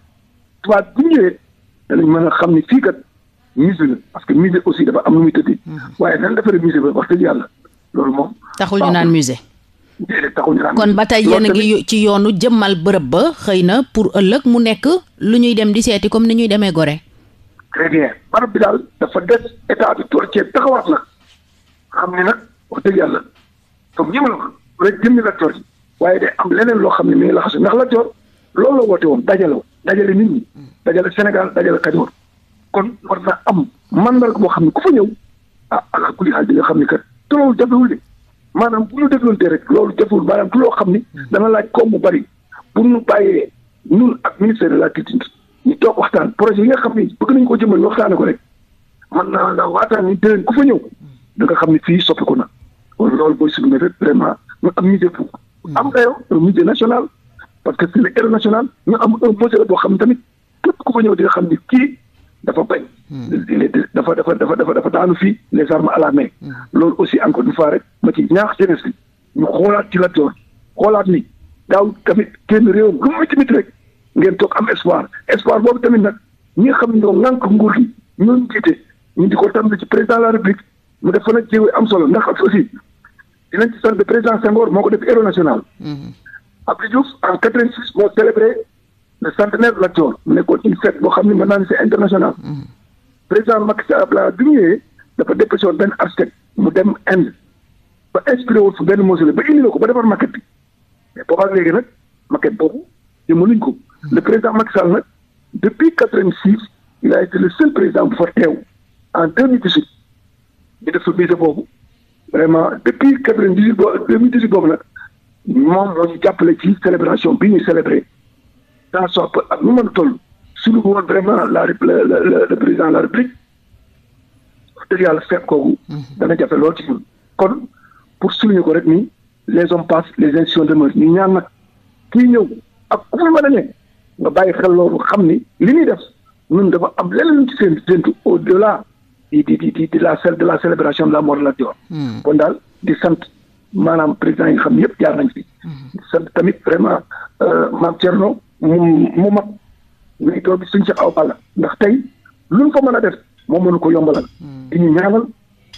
tubaab bu ñëwee danañ mën a xam ni fii kat. musée la parce que musée aussi dafa am nu muy tëddee. Mhm. waaye nan defaree musée ba wax dëgg yàlla loolu moom. taxul ñu naan musée. kon ba tey yéen ngi ci yoonu jëmmal bërëb ba xëy na pour ëllëg mu nekk lu ñuy dem di seeti comme ni ñuy demee gore très barab bi daal dafa des état bi tool ceeb taxawaat nag xam ne nag wax dëgg yàlla comme ñi ma la wax rek jëmmi la tool waaye day am leneen loo xam ne mu ngi la xasu ndax la tool loolu la woote woon dajale woon dajale nit mm. Sénégal dajale Kajoor kon war na am mandarga boo xam ne ku fa ñëw ah ala kulli xaal di nga xam ni kat te loolu jafewul de maanaam bu ñu dégloontee rek loolu jafewul maanaam du loo xam ni hmm. dana laaj koom bu bari bu ñu bàyyee ñun ak ministère de la culture ñu waxtaan projet yi nga xam ni bëgg nañu ko jëmal ñu waxtaane ko rek man naa la waataan ni déwén ku fa ñëw da nga xam ni fii soppiku na loolu booy suñu méthode vraiment ñu am musée bu hmm. am dayo un musée national parce que c'est national boo xam ne tamit ku fa ñëw di nga dafa bañ. Hmm. dafa dafa dafa dafa dafa daanu fii les armes à la hmm. loolu aussi encore une fois rek ma ci ñaax jeunesse bi ñu xoolaat ci Lat xoolaat ni daaw tamit kenn réewam lu muy tamit rek ngeen toog am espoir espoir boobu tamit nag ñi nga xam ne ñoo ŋànk nguur gi ñooñu jiite ñu di ko tàmbali ci président la république mu def fa nag am solo ndax aussi dinañ ci sant président Senghor moo ko def héros national. Hmm. Abdou Diouf en quatre-vingt-six moo célébré. le centenaire Lat Joor mu nekkoon une fête boo xam ne mën naa ne c'est mm-hmm. président Macky Sall Abdoulaye bi ñu ñëwee dafa dépêché woon benn architecte mu dem Inde ba inspiré woon fu benn mausolée ba indi la ko ba defar maquette bi mais boobaag léegi nag maquette boobu ñu mënuñ ko mm-hmm. le président Macky Sall nag depuis quatre-vingt-six il a été le seul président bu fa teew en deux mille dix-huit ñu def fa musée boobu vraiment depuis quatre-vingt-dix-huit ba deux mille dix-huit boobu nag moom moo ñu jàppale ci célébration bi ñuy célébré ça soit peu ak ñu la le de yàlla seet kooku mhm. dana jafe lool ci ñun pour souligner ko rek ni les hommes passent les institutions demeurent ñu ñaan nag kii ñëw ak ku fi mën a nekk nga bàyyi xel loolu xam ni li ñuy def ñun dafa am leneen ci seen séntu au delà di di di la de la célébration de la mort de Lat Dior hmm. kon daal di sant maanaam président yi xam yëpp jaar nañ fi. Hmm. sant tamit vraiment euh, maam Thierno mu mu mat ngay toog suñ si aw balla ndax tey luñ fa mën a def moo mënu ko yombalal. Hmm. di ñu ñaanal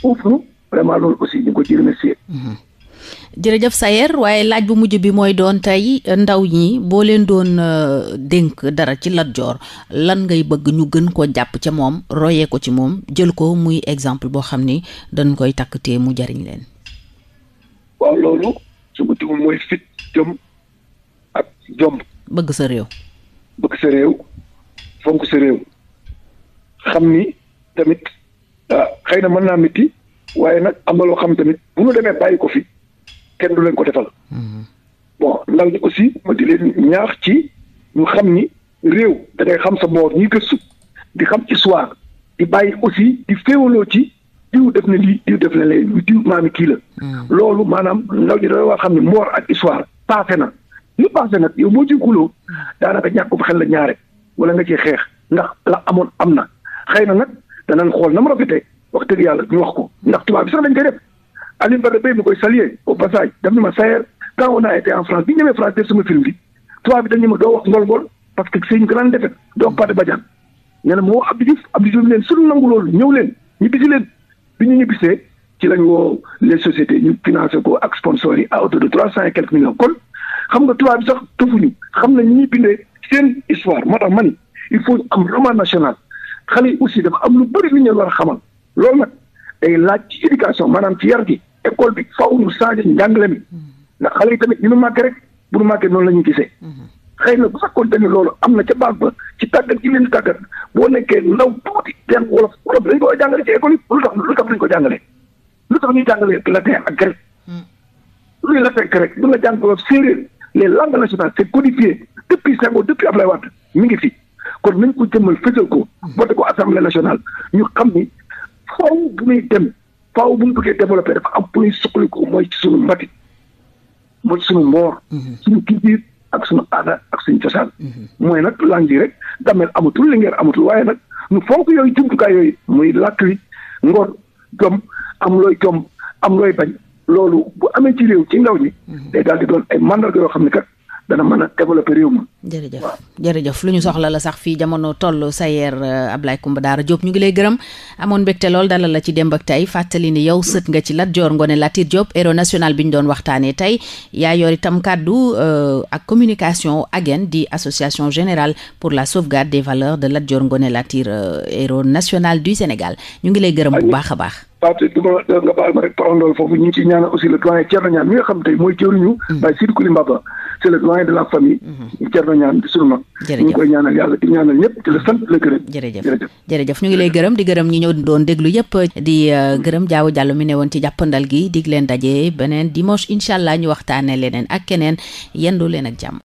uuf nu loolu aussi ñu ko ci remercier. Hmm. jërëjëf Sayer waaye laaj bu mujj bi mooy doon tey ndaw ñi boo leen doon euh, dénk dara ci latjoor lan ngay bëgg ñu gën koo jàpp ca moom royee ko ci moom jël ko muy exemple boo xam ni dañ koy takk te mu jariñ leen. waaw loolu su ma mooy fit jom ak jom. bëgg sa réew. bëgg sa réew fonk sa réew xam ni tamit ah, xëy na mën naa métti waaye nag am na loo xam tamit bu ñu demee bàyyi ko fi kenn du leen ko defal. Mhm. bon ndaw ñi aussi ma leen ñaax ci ñu xam ni réew dangay xam sa mboor ñi gëstu di xam histoire di bàyyi aussi di féewaloo ci diw def na lii diw def na lee diw maami kii la. Mhm. loolu maanaam ndaw ñi da war xam ni mboor ak histoire passé na. li passé nag yow boo ci xuloo daanaka ñàkkum xel la ñaare wala nga ci xeex ndax la amoon am na xëy na nag danañ xool na mu rafetee wax dëgg yàlla ñu wax ko ndax tubaab bi sax dañ koy def Alioune Badara Bèye mi koy saluer ma sayer quand on a été en France bi def sama film bi tubaab bi dañ ma doo wax ngol-ngol parce que c'est une grande défaite doo wax Pathé Badiane ñu ne ma woo Abdou Diouf Abdou leen suñu nangu loolu ñëw leen ñu bisi leen bi ñu ñu bisee ci lañ woo les sociétés ñu financé ko ak sponsors yi à de trois cent et quelques xam nga tubaab bi sax tëfuñu xam na ñu ñuy bindee seen histoire moo tax ma ni il faut am roman national xale yi aussi dafa am lu bëri lu ñu war a xamal loolu nag day laaj ci éducation maanaam ci yar gi école bi faaw ñu changé njàngale mi ndax xale yi tamit ñu nu màggee rek bu nu màggee noonu la ñuy gisee xëy na bu fekkoon tamit loolu am na ca baax ba ci tàggat gi leen tàggat boo nekkee ndaw tuuti teen wolof wolof ko jàngale ci école yi lu tax lu tax duñ ko jàngalee ñuy jàngalee latin ak grec hmm. luy latin grec du nga jàng wolof séeréer les langues nationales c'est codifié depuis Senghor depuis Abdoulaye Wade mi ngi fi kon nañ ko jëmmal fësal ko. voté ko assemblée nationale ñu xam ni faaw bu muy dem faaw bu mu bëggee développé dafa am pour ñu suqali ko mooy ci suñu mbatit mooy ci suñu mboor. Mhm. suñu biir ak suñu aada ak suñu cosaan. Mhm. mooy nag langue yi rek damel amatul li ngeen amatul waaye nag ñu fonk yooyu jumtukaay yooyu muy lakk li ngor jom am looy jom am looy bañ. loolu bu amee ci réew ci ndaw ñi. Mhm. day daal doon ay mandarga yoo xam ne kat. dana mën a développer réew mi. jërëjëf jërëjëf lu ñu soxla la sax fii jamono toll Sayer euh, Ablaye Coumba Daara Diop ñu ngi lay gërëm amoon mbégte lool dalal la ci démb ak tey fàttali ni yow sët nga ci Lat Dior Ngoné Latyr Diop héros national bi ñu doon waxtaanee tey yaa yor itam kàddu euh, ak communication AGEN di association général pour la sauvegarde des valeurs de Lat Dior Ngoné Latyr euh, héros national du Sénégal ñu ngi lay gërëm bu baax a baax. Fatou du ma nga baal ma rek parandool foofu ñu ngi ciy ñaanal aussi le doyen Thierno Niane mi nga xam tey mooy jëriñu mm. Baye Sidi Koulibaly Mbaba mm-hmm. ñu ngi koy ñaanal yàlla di ñëpp di la jërëjëf ñu ngi lay gërëm di gërëm ñu ñëw doon déglu yëpp di euh, gërëm Diaw Diallo mi ne woon ci jàppandal gi dig leen daje beneen dimanche incha allah ñu waxtaane leneen ak keneen yendu leen ak jàmm